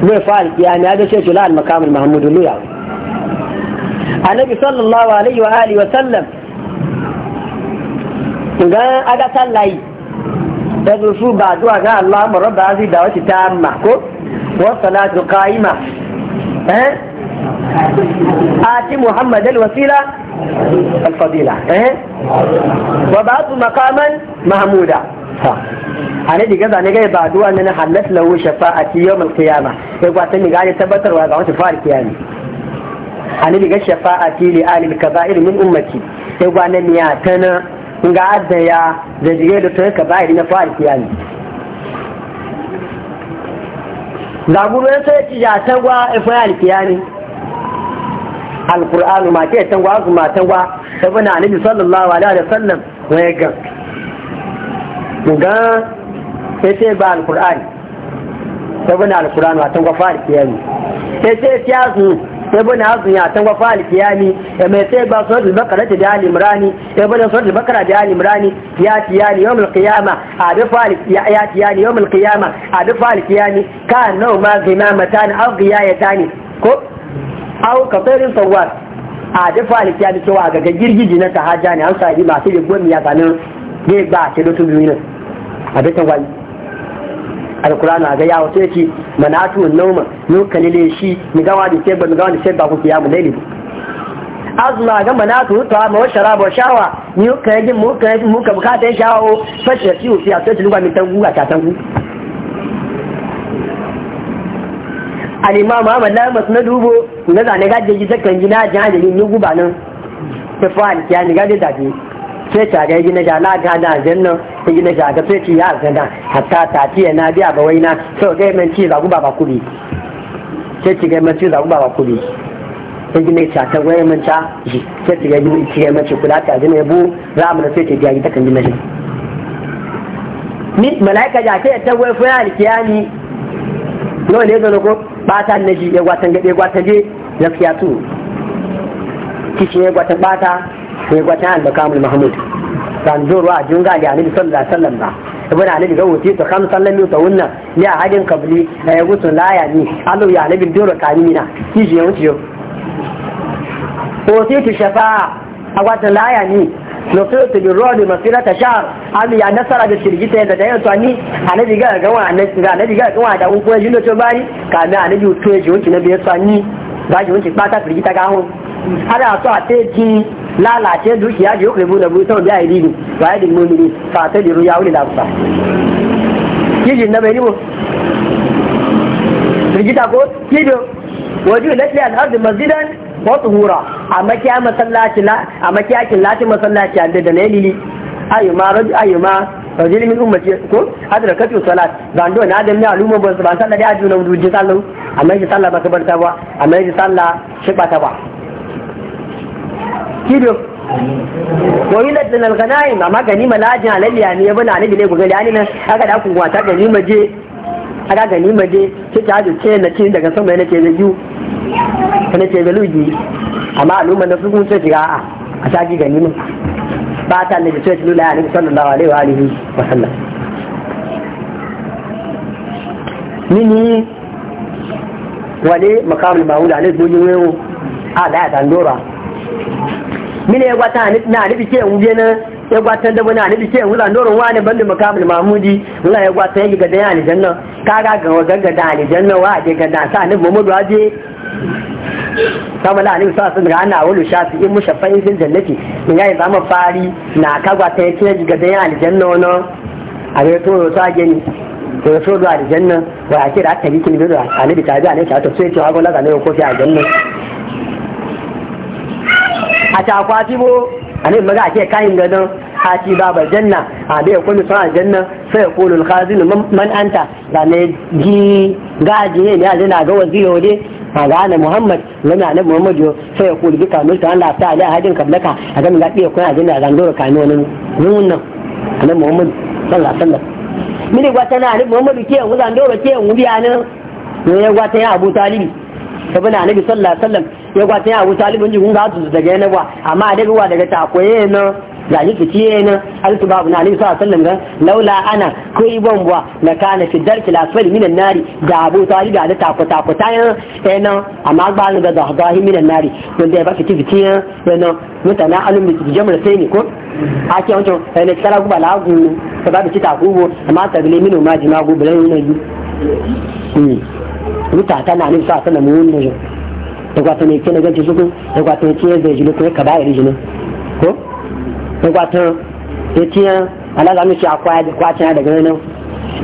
zai fara kiyami ya ga shi al-makamul mahmudu luya annabi sallallahu alaihi wa alihi wa sallam ga aga sallai da su ba zuwa ga Allah mu rabba azi da wata tamma ko wa salatu qa'ima eh ati muhammad al-wasila al-fadila eh wa ba'du maqaman mahmuda ana diga zane gai ba duwa nan halas lawo shafa'ati yawmul qiyama qiyamah sai kwa ta miga tabbatarwa ga wata fa'al kiyami ana diga shafa'ati li alil kaba'ir min ummati sai kwa nan ya tana ga adaya da diga da ta kaba'ir na fa'al kiyami zaburu ya sai ci ja tagwa e fa'al kiyami al ma ke tagwa kuma tagwa sabana annabi sallallahu alaihi wasallam wa ya ga ga sai ce ba alkur'ani sai bane alkur'ani watan kwafa alkiyami sai ce fiyazu sai bane yazu ya tan kwafa alkiyami ya mai sai ba suratul bakara ta da alimrani ya bane suratul bakara da alimrani ya tiyani yawmul qiyama a dafa ya tiyani yawmul qiyama a dafa alkiyami ka nau ma zimamatan aw qiyayatan ko aw kafirin sawat a dafa alkiyami cewa ga gagirgiji na tahaja ne an sabi masu rigon ya ganin zai ba a ce da su biyu ne a da tawali alkur'an a ga ya wato mana manatun nauma lokali ne shi mi gawa da sai ba mi gawa da sai ba ku mu laili azma ga manatu ta ma wa sharaba shawa ni ka yi mu ka yi mu ka bukata shawo fashe shi ufi fiya sai lugwa mi tangu ga ta tangu ma imam Ahmad na masnadu na zane gaje ji sakan ji na jihadi ni guba nan tafal kiyani gaje da sai ta ga gina ja la ga da jannan ta gina ja ga sai ya ga da hatta ta ci na biya ba waina sai ga men ci ba guba ba kuli sai ci ga men ci da guba ba kuli sai gina ta ta waye men ta sai ci ga gina ci ga men ci kula ta gina bu za mu sai ci ga ta kan gina shi ni malaika ja ta ta waye fa alkiyani no ne da ko ba ta ji ya gwatan gade gwatan ji gaskiya tu kici ya gwatan bata sai kwata al-makamul mahmud dan zuwa a ga da annabi sallallahu alaihi wasallam ba ibn ali ga wuti to kam sallallahu alaihi wasallam wunna a hadin kabli da ya la ya ni allo ya annabi doro kanina ki je wuce yo ko sai tu shafa a wata la ya ni to bi rodi masira ta shar عمي ya nasara da shirgita yadda da to tsani annabi ga ga wa annabi ga annabi ga ga wa da kun kuma jinno to bari kana annabi to ya ji wuce na biyar tsani gashi ti bata firgi ta gahun ara so a ce ji lalace dukiya da yau kribu da buton biya yi dini ba ya dinmu mini fa ta diru ya wuli na ko wajen mazidan hura a makiyakin lati masallaci a rajul min ummati ko kafi salat da do na adam ne aluma ba ba sallah da ajuna wudu ji sallahu amma ji sallah ba kabarta ba amma ji sallah shi ba ta ba kido wa yulad min al gani amma ganima lajin alaliya ne na alibi ne ku gani nan aka da ku gani ma je aka ganima je ki ta ji ce na ce daga sama ne ce da yu ne ce da lugi amma aluma na su kun ce ga a a ta ji ma ba ta annabi sai lula ya sallallahu alaihi wa alihi wa sallam mini wale makamul ma'ul alaihi bujin wayo a da ya tandora mini ya gwata na nufi ke wuje na ya gwatan da wani anabi ke wula noron wani bandu makamul mahmudi wula ya gwatan ya giga da ya alijanna kaga ga ganga da alijanna wa je ga da sa anabi muhammadu aje sama da anabi sa sun ga ana wulu shafi in fa'in fil jannati in yayi zama fari na ka gwatan ya ga giga da ya alijanna wono a ga to to aje ni to ya so da alijanna wa ake da aka yi kin da anabi ta bi anabi ta to sai to hago la ga ne ko fi aljanna a ta kwafi bo annabi maza a ce kayin gadon hati baba janna a da ya kuma sun janna sai ya kulul khazin man anta ga ne gi gaji ne ya zina ga waziri wade a ga ana muhammad wani annabi muhammad yo sai ya kulu bi kamil ta Allah ta alai hajin kablaka a ga ga iya kuma janna ga ndoro kanu wani nunan annabi muhammad sallallahu alaihi wasallam mini gwata na annabi muhammad ke yanzu zan doro ke yanzu biya ne ne gwata ya abu talibi sabu na nabi sallallahu alaihi wasallam ya gwata ya wuta alibin jigun ga su daga yana ba amma da ruwa daga takoye na ya yi fiti na alitu babu na nabi sallallahu alaihi wasallam laula ana kai ban ba na kana fi darki lasfali minan nari da abu talib da tako tako tayan yana amma ba ni da zahahi minan nari don da ba fiti fiti yana mutana alumni jamra sai ni ko ake wancan kala tsara guba lagu sababi ci takubo amma tagle minu ma jima gubulan na yi ruta hmm. ta na nufi sa na muhun da shi da kwata ne ke na ganci suku da kwata ke zai jini ko ka kaba iri jini ko ga kwata ya tiya alaga mu ci akwai da kwata daga nan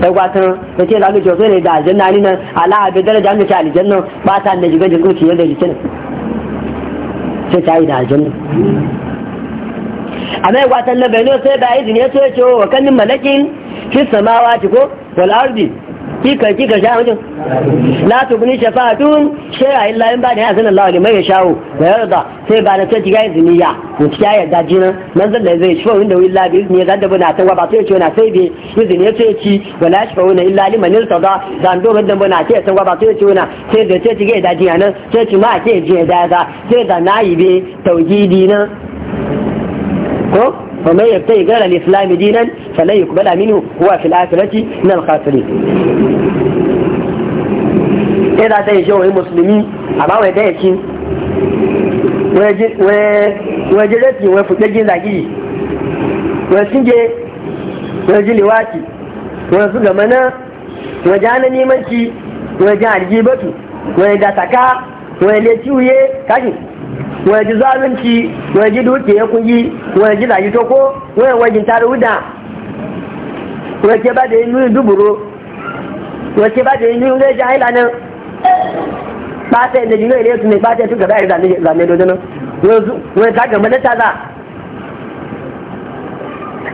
da kwata ya tiya zamu ci so ne da aljanna ni nan ala abi daraja mu ci aljanna ba ta da jiga jiga ci da jikin sai ta yi da aljanna amma ya kwata na bai sai ba izini ya so ya ce wa kanin malakin fi samawati ko wal ardi kika kika sha mutum la tugni shafa'atun shay'a illa in ba da yazin Allah shawo. yashau wa yarda sai ba da sai ga ziniya, ko kiya ya daji nan nan zan da zai shafa inda illa bi izni zan da bana ta ba sai ce na sai bi izini ce ci wala shafa na illa liman yarda zan do ban bana ce ta ba sai ce na sai da sai ga daji nan sai ci ma ce je da da sai da nayi bi tauhidi nan ko فمن يبتغي غير الاسلام دينا فلن يقبل منه هو في الاخره من الخاسرين إذا تيجي جو المسلمين أما ويدايكي ويجلتي ويفتجي زاكي ويسنجي ويجي لواتي ويسوغ منا ويجانا نيمانتي ويجانا الجيبتي ويجاتكا ويجاتيويه كاشي wọ́n ji zalunci wọ́n ji ya kúyí wọ́n ji làyí wajin wọ́n wọ́n ji tari wúdà wọ́n ti bá de inú dúbúrú wọ́n ti bá de inú ilé ìjà ìlànà pàṣẹ ìdèjìlẹ̀ ilé ìtumẹ̀ pàṣẹ tó gàbá ta gàmọ́ lẹ́tà ga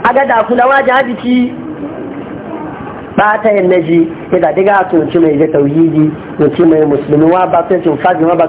agada kuna wajen hajjiki bata yin naji ya da a tunci mai zai tauhidi mutum mai musulmi wa ba sai cin fagi wa ba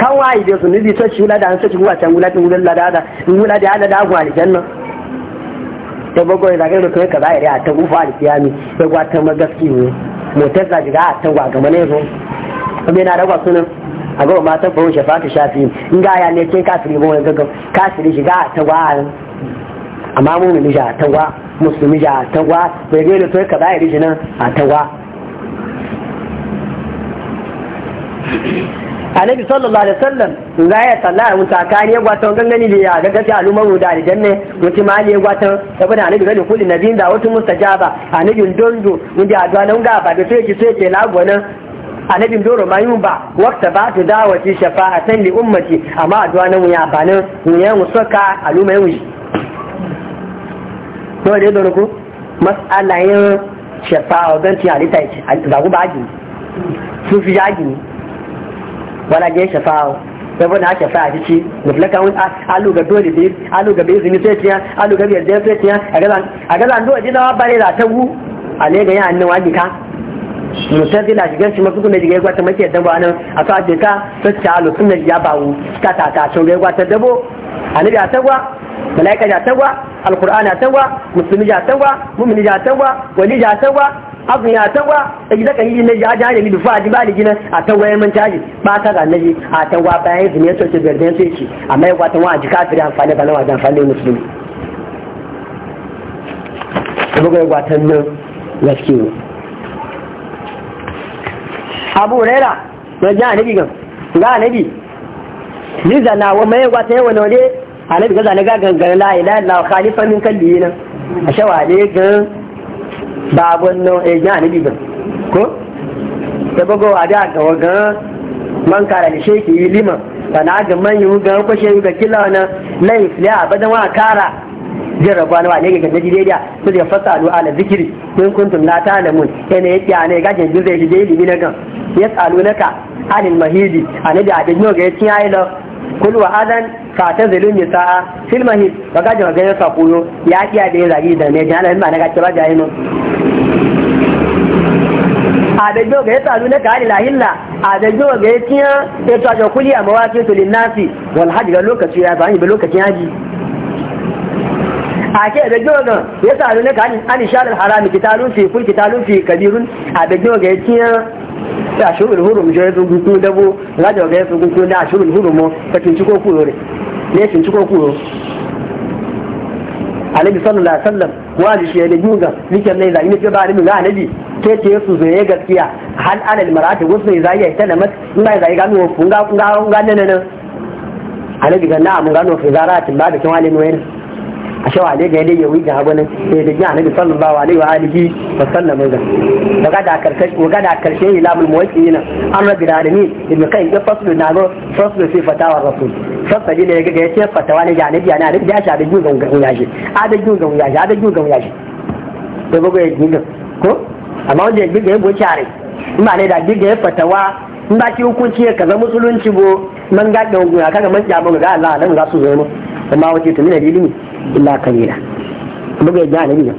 kan wayi da zunubi to shi da an to shi wa can wulada wulada da wulada da agwa aljanna to bago da ya ta ufa alkiyami magaski ne ga ta gwa ga mane zo kuma yana ragwa sunan a ga ma ta fawo a shafi in ga ya ne ke kafiri ba a gaggawa kafiri shiga ta gwa amma mu ne ja ta gwa musulmi ja ta gwa bai ga da to nan a ta gwa annabi sallallahu alaihi wasallam ga ya sallah mun takani ya gwata gangani da ya ga ta aluma mu da janne mutum ali ya gwata saboda annabi ga kullu nabiyin da wata mustajaba annabi dondo mun da adwa nan ga ba da sai ki sai ke lagwa nan annabi doro mai mun ba waqta ba ta dawo shafa'a shafa'atan li ummati amma adwa nan mu ya nan mun ya musaka alumar yun to da dole ku mas'alayin shafa'a dan ti halitta ce ba ku ba ji su fi ji wala ge shafa'a yabo na shafa'a ji ci mutlaka wani alu ga dole bi alu ga bezini sai tiya alu ga biyar sai tiya a gaza a gaza ndo ji da bare da ta gu ale ga yan nan wani ka mutazila shigar shi masu kuma shigar gwata mace yadda ba nan a sa ce ka sun ta alu sun ya bawu ta ta ta sun gwata dabo annabi a tagwa malaika ja tagwa alqur'ana tagwa musulmi ya tagwa mu'mini ya tagwa wani ya tagwa abu ya tawa da gida kan yi na ya ja ne dufa ji ba da gina a tawa ya man caji ba ta ga naji a tawa bayan zine to ce garden sai ci a mai kwatan wa ji kafiri amfani ba na wa amfani musulmi ko ga kwatan nan ne. abu rera na ja ne gan ga ne bi ni zana wa mai kwatan yawan wane a nabi bigan zana ga gangan la ilaha khalifan min kalliyina a ne gan ba wannan e ya ni ba ko da bago a da ga waga man kara da sheki liman sana ga man yi ga ko sheki ga kila wannan lai fiya badan wa kara jarraba na wane ga gaji daidai su da fasa alu ala zikiri in kuntum la ta'lamun yana yake ne gajin jin zai shi daidai ne ga ka anil mahidi anabi a da ga yaci ayi da kul wa adan fa ta zalun ni sa'a fil mahid ba ga jama'a ga sa koyo ya kiya da ya zagi da ne jana ma na ga ce ba jayi no a da jo ga ya ne ka ila illa a da jo ga ya tiya ya ta jo kuli a mawaki to lin nasi wal hajj ga lokaci ya ba ni ba lokacin haji a ke da jo ga ya tsalu na ka an shalal al harami kitalun fi kul kitalun fi kabirun a da jo ga ya ti a shirin hurum je ya zo gugu dabo rajo ga ya zo gugu a shirin hurum ka cinci ko ne ne cinci ko kuyo annabi sallallahu alaihi wasallam wani shi ne ne da ni ce ba ni ga annabi ke ce su ya gaskiya hal alal mar'ati wasu zai ya tana mat in zai ga mu funga funga ga nan nan annabi ga na mu ga no fi zaratin ba da kin ne a shawa ne ga yadda ya wuce hagunan sai da jiya nabi sallallahu alaihi wa alihi wa sallam ga daga da karshe daga da mawaki ilamul muwaqqi'in an rabbi alamin ibn kai ya faslu na go faslu sai fatawa rasul fasa ne ya ga ce fatawa ne ga nabi ya na da shi da gugan ga yaji a da ga gugan yaji a da ga gugan yaji da bugo ya gugan ko amma wanda ya gugan ya goce are in ba ne da gugan ya fatawa in ba ki hukunci ya kaza musulunci bo man ga da gugan kaga man ya mu ga Allah nan za su zo mu amma wace ta mina dalili illa kalila buga da nabi ne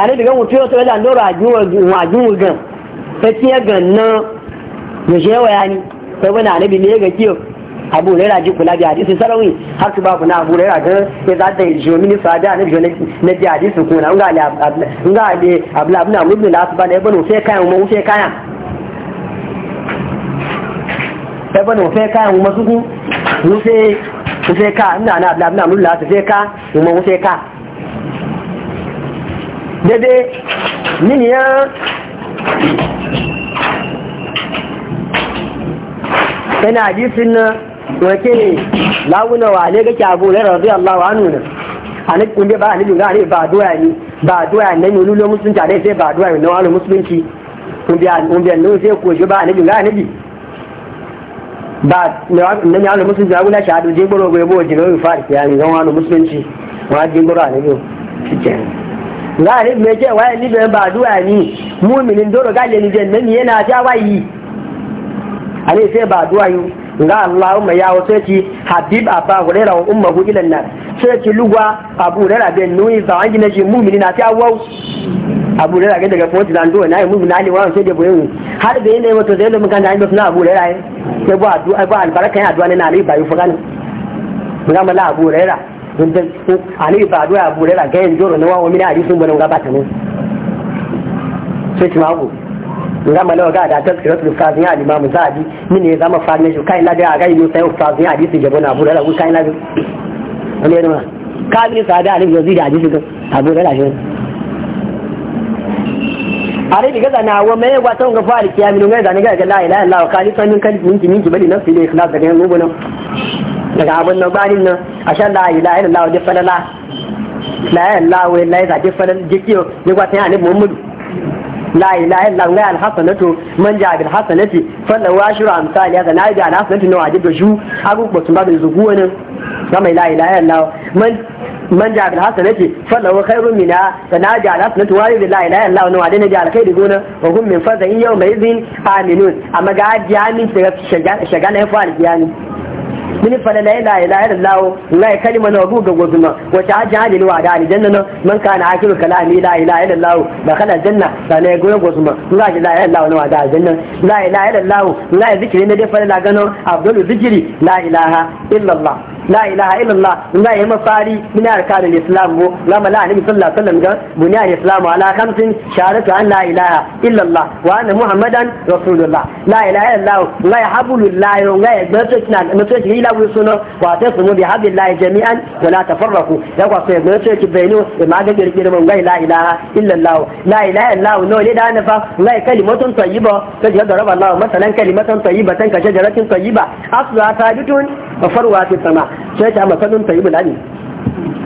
a ne daga mutum yau sai da ndoro a jin gan ta ciye gan nan ya shi yawa yani sai wani ne ya ga kiyo abu ne kula da hadisi har su ba ku na abu ne ya za ta yi jomini su na ji hadisi kuna nga ali abu na abu na abu na abu na na abu na abu na abu na abu na abu na ẹgbẹ́ ní òfẹ́ ká ẹ̀wọ̀n mọ́súkú wúfẹ́ ká ní àná àbúlá àbúlá àbúlá ti fẹ́ ká ìmọ̀ ka ká dédé nínìyàn yana hadisin na wake ne lawuna wa ne kake abu da rabi Allah wa nuna a ne kunde ba a ne lura ne ba doya ne ba doya ne ne lulu musulunci a ne sai ba doya ne na wani musulunci kun biya nun sai ko ba a ne lura ne ba na ya musulunci ya gula shahadu je gboro gwe bo jiro yi fari ya ni musulunci wa je gboro a nabi shike za a ribe ce wa yi libe ba duwa ni muminin doro gale ni jen nani yana ja wayi a ne sai ba duwa yi ga Allahumma ya wasu ci habib abba hurera wa umma hu ilan nan sai ci lugwa abu hurera ben nuyi a na shi na ta abu da ga daga kotu zan duwa nayi mugu nali wannan sai da boye har da yana wato zai lumun kan da suna abu da rai sai ba addu'a ba albarka ne na ali bayu fagana ga mala abu da rai ba addu'a abu da rai ga yin joro ne wa mina sun bana ga bata ne sai ci mago ga mala ga da tazkiratu fazin ya imam sa'di min ne zama fadin shi kai lafiya ga yi sai fazin ya hadisi jabona abu da rai kai lafiya ne ma kabin sa'da ali yazidi are diga zana wa me wa ton ga fari kiya min ngai zani ga la ilaha illallah kali san min kali min min bali nafsi da ikhlas daga yan gobo nan daga abun nan bani nan asha la ilaha illallah da falala la ilaha wa la ilaha da falala jikiyo ne wa tan ani muhammadu la ilaha illallah ngai alhasanatu man ja bil hasanati falla wa shuru amsali hada na ja alhasanatu no ajibu shu abu ko tumba bil zuguwa nan kama la ilaha illallah man man ja bil hasanati falahu khairun minha fa na ja al hasanatu wa la ilaha illa allah wa ja al khairu guna wa hum min fadhi yawma idhin aminun amma ga jami daga shagala ya fara jami min fala la ilaha illa allah la kalima na gugu gozuma wa ta hadi wa da ni janna man kana akiru kalami la ilaha illa allah ba kana janna da ne goyo gozuma la ilaha illa allah wa da janna la ilaha illa allah la zikri ne da fala la gano abdul zikri la ilaha illa allah la ilaha illallah nga yi mafari min arkanin islam go la mala annabi sallallahu alaihi wasallam ga bunyan islam ala khamsin shahadatu an la ilaha illallah wa anna muhammadan rasulullah la ilaha illallah nga ya habulullah nga ya gbato kina mutu ki ila wi suno wa ta sumu bi habillahi jami'an wa la tafarraqu ya kwa sai gbato ki bayno e ma ga girgire mun ga la ilaha illallah la ilaha illallah no le da na fa nga kalimatun tayyiba ta ji da rabba allah masalan kalimatan tayyibatan ka shajaratin tayyiba asla ta bitun farwa fi sama sai ta masalun tayyibul alim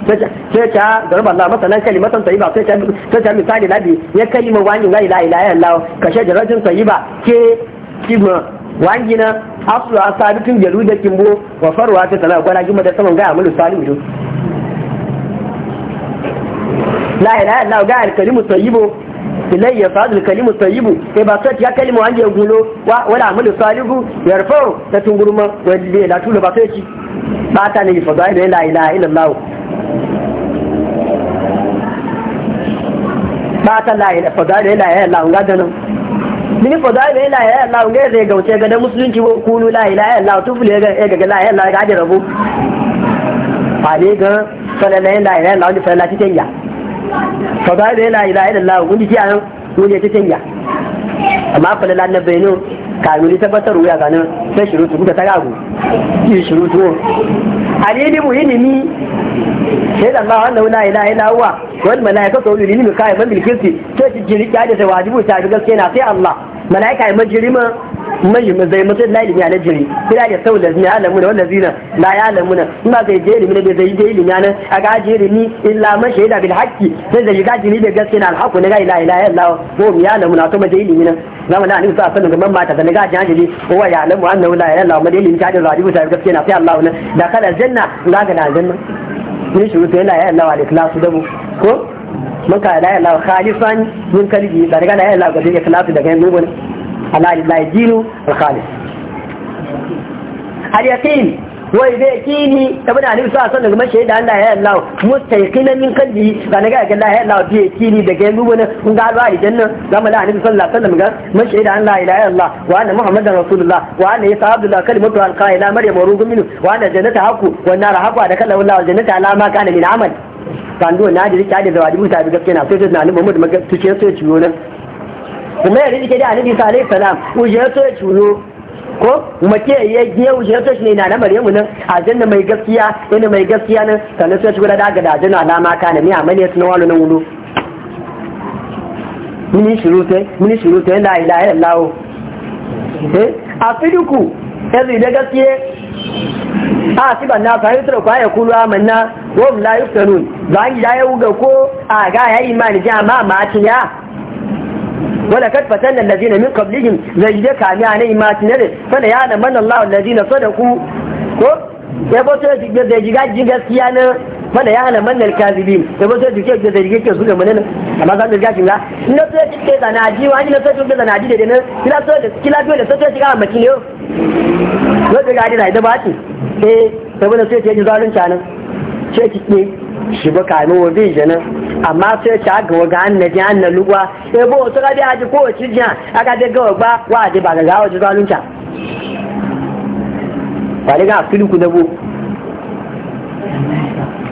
sai ta garba Allah masalan kalimatan tayyiba sai ta sai ta misali nabi ya kalima wani la ilaha illa Allah ka shajaratin tayyiba ke kima wani na aslu asabitin da kimbo wa farwa ta tana gwala juma da saman ga Salim salihu la ilaha illa ga alkalimu tayyibu ilayya fadl kalimu tayyibu sai ba sai ya kalimu wani ya gulo wala amalu salihu yarfa'u da tunguruma wal la tulu ba sai ci bata ne fa da la ilaha illallah bata la ilaha fa da la ilaha illallah ga dana mini fa da la ilaha illallah ga zai gauce ga da musulunci ko kunu la ilaha illallah to fule ga ga la ilaha illallah ga da rabu ne ga sallallahu la ilaha illallah da sallallahu tayya ya fa da la ilaha illallah gundi ki an gundi cikin tayya amma fa la ilaha bayinu kamili tabbatar wuya ga nan sai shirutu kuka ta gagu ki shirutu alilimu ilimi sai da Allah wannan la ilaha illa huwa wal malaikatu ulul ilmi qa'iman bil qisti to shi jiri kaje sai wajibu ta gaskiya na sai Allah malaika ya majrima mai yi mazai mazai la ilimi ala jiri kira ya sau lazina ala alamuna wala zina la ya ala in ma zai je ilimi ne zai je ilimi nan a ga je ilimi illa ma shaida bil haqqi sai zai ga jini da gaskiya al haqu ne ga ila ila Allah ko mu ala alamuna to ma je ilimi ne zama na annabi sallallahu alaihi wasallam mata da ga jahili ko ya ala alamu annahu la ilaha illa ma ilimi ka da rajibu ta gaskiya na sai Allah ne da kala janna la ga da janna ne shi rufe ila ilaha illa wa al da mu ko maka ila ila khalisan min kalbi da ga ila ilaha ga da ikhlasu daga yanzu ne ala lillahi dinu al-khalis al-yaqin wai bai kini tabbata annabi sallallahu alaihi wasallam mashe da Allah ya Allah mustaqina min qalbi ga naga ga Allah ya Allah bai kini daga yanzu wani kun ga alwa aljanna zama da ali sallallahu alaihi wasallam ga mashe da Allah ila Allah wa anna muhammadan rasulullah wa anna isa abdullah kalimatu alqaila maryam wa ruhu minhu wa anna jannata haqu wa nar haqu da kallahu Allah jannata alama kana min amal kan do na da rike da zawadi mutabi gaskiya na sai da na Muhammad magaskiya sai ciwo na kuma yanzu ke da annabi sa alaihi salam ujiyar to ya curo ko mace ya je ujiyar shi ne na maryamu nan aljanna mai gaskiya yana mai gaskiya nan sannan sai shi guda da ga dajin alama kana ni amane tun wani nan wudu mini shiru te mini shiru te la ilaha illallah eh afiduku yanzu da gaskiya a si ban na fahimtar tara kwaye kulu amanna wa la yuftanun ba ya wuga ko a ga ya imani jama'a ma ya ولقد فتن الذين من قبلهم زيدك عني عني ما تنري فلا يعلم من الله الذين صدقوا يبو تجيك زيجيك جيجا سيانا فلا يعلم من الكاذبين يبو تجيك زيجيك سوريا منين أما زان زيجا جيجا إنه تجيك كيزا ناجي واني نسو تجيك كيزا ناجي دي دينا كلا تجيك كلا تجيك كلا تجيك كلا تجيك كلا تجيك كلا تجيك كلا تجيك كلا تجيك كلا تجيك كلا تجيك كلا تجيك كلا تجيك كلا amma sai ta ga waga an na ji an na lugwa e bo wasu rabi haji ko ci jiya aka de ga gba wa de ba ga gawa ji ta ba daga a filin ku na bo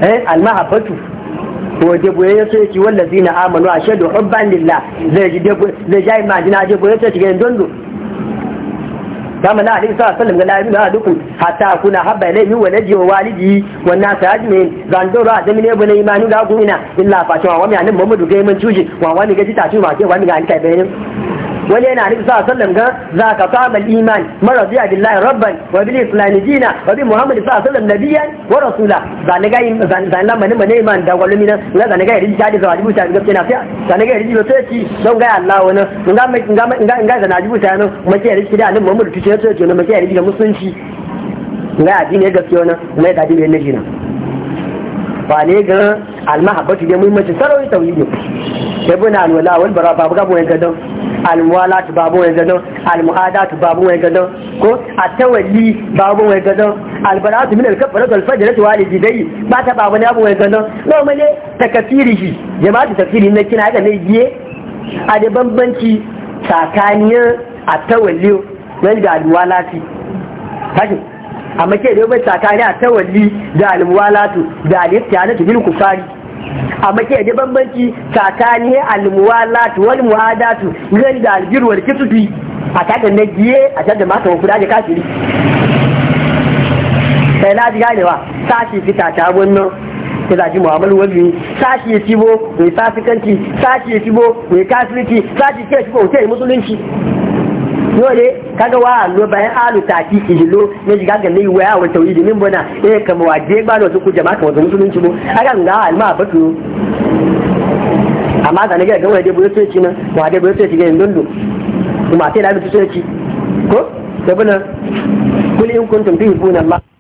eh almahabatu ko debo ya so ki wallazi na amanu a shaidu hubban lillah zai ji bo zai ji ma je bo ya so yake dondo kama na alaihi sallallahu alaihi wasallam ga duku hatta kuna habba ilayhi wa naji wa walidi wa nas ajmin zan dora adami ne bane imani da ku ina illa fa cewa wa mi muhammadu ga mun cuji wa wani ga ji ta ci ma ke wani ga an kai bayanin wani yana nufi sa sallam ga za ka samu iman mara zuwa billahi rabban wa bil islami dina wa bi muhammad sa sallam nabiyan wa rasula zane ga zane lamani mane iman da gwalumi na na zane ga yarji jadi zawa jibuta ga kina fiya zane ga yarji sai ci don ga Allah wani nga mai nga mai nga nga zana jibuta nan mace yarji da nan muhammad tuce tuce ne mace yarji da musulunci nga addini gaskiya nan mai da addini ne jina ba ne ga almahabbatu da muhimmanci sarau tauhidi sai buna alwala wal bara babu gabu ne gadon almuwalatu babu wani gado almu'adatu babu wani gado ko a tawalli babu wani gado albaratu min alkafara da alfajar da wali jidai ba ta babu ne abu wani gadon no mane takafiri shi jama'atu takafiri na kina haka ne biye a da bambanci tsakaniyar tawalli wani da almuwalati kashi amma ke da yau bai tsakaniyar tawalli da almuwalatu da aliftiyana na bil kufari amma ke da bambanci al-muwalat wal muadatu gani da aljiru wal kitubi a tada na giye a tada mata hukura da kafiri sai na ji ganewa sashi fita ta wannan ta ji mu'amalu wani sashi ya cibo mai fasikanci sashi ya cibo mai kafirci sashi ke shigo sai musulunci dole kaga wa lo bayan alu taki ijilo ne ji gaga ne wa wa tauhidi min bona eh kama wa je ba lo su ku jama'a kama musulunci mu aga ga alma batu amma zane ga ga wani bu sai ci na wa dai bude sai ci ga dundu kuma sai da bu sai ci ko da sabuna kul in kuntum tuhibbuna allah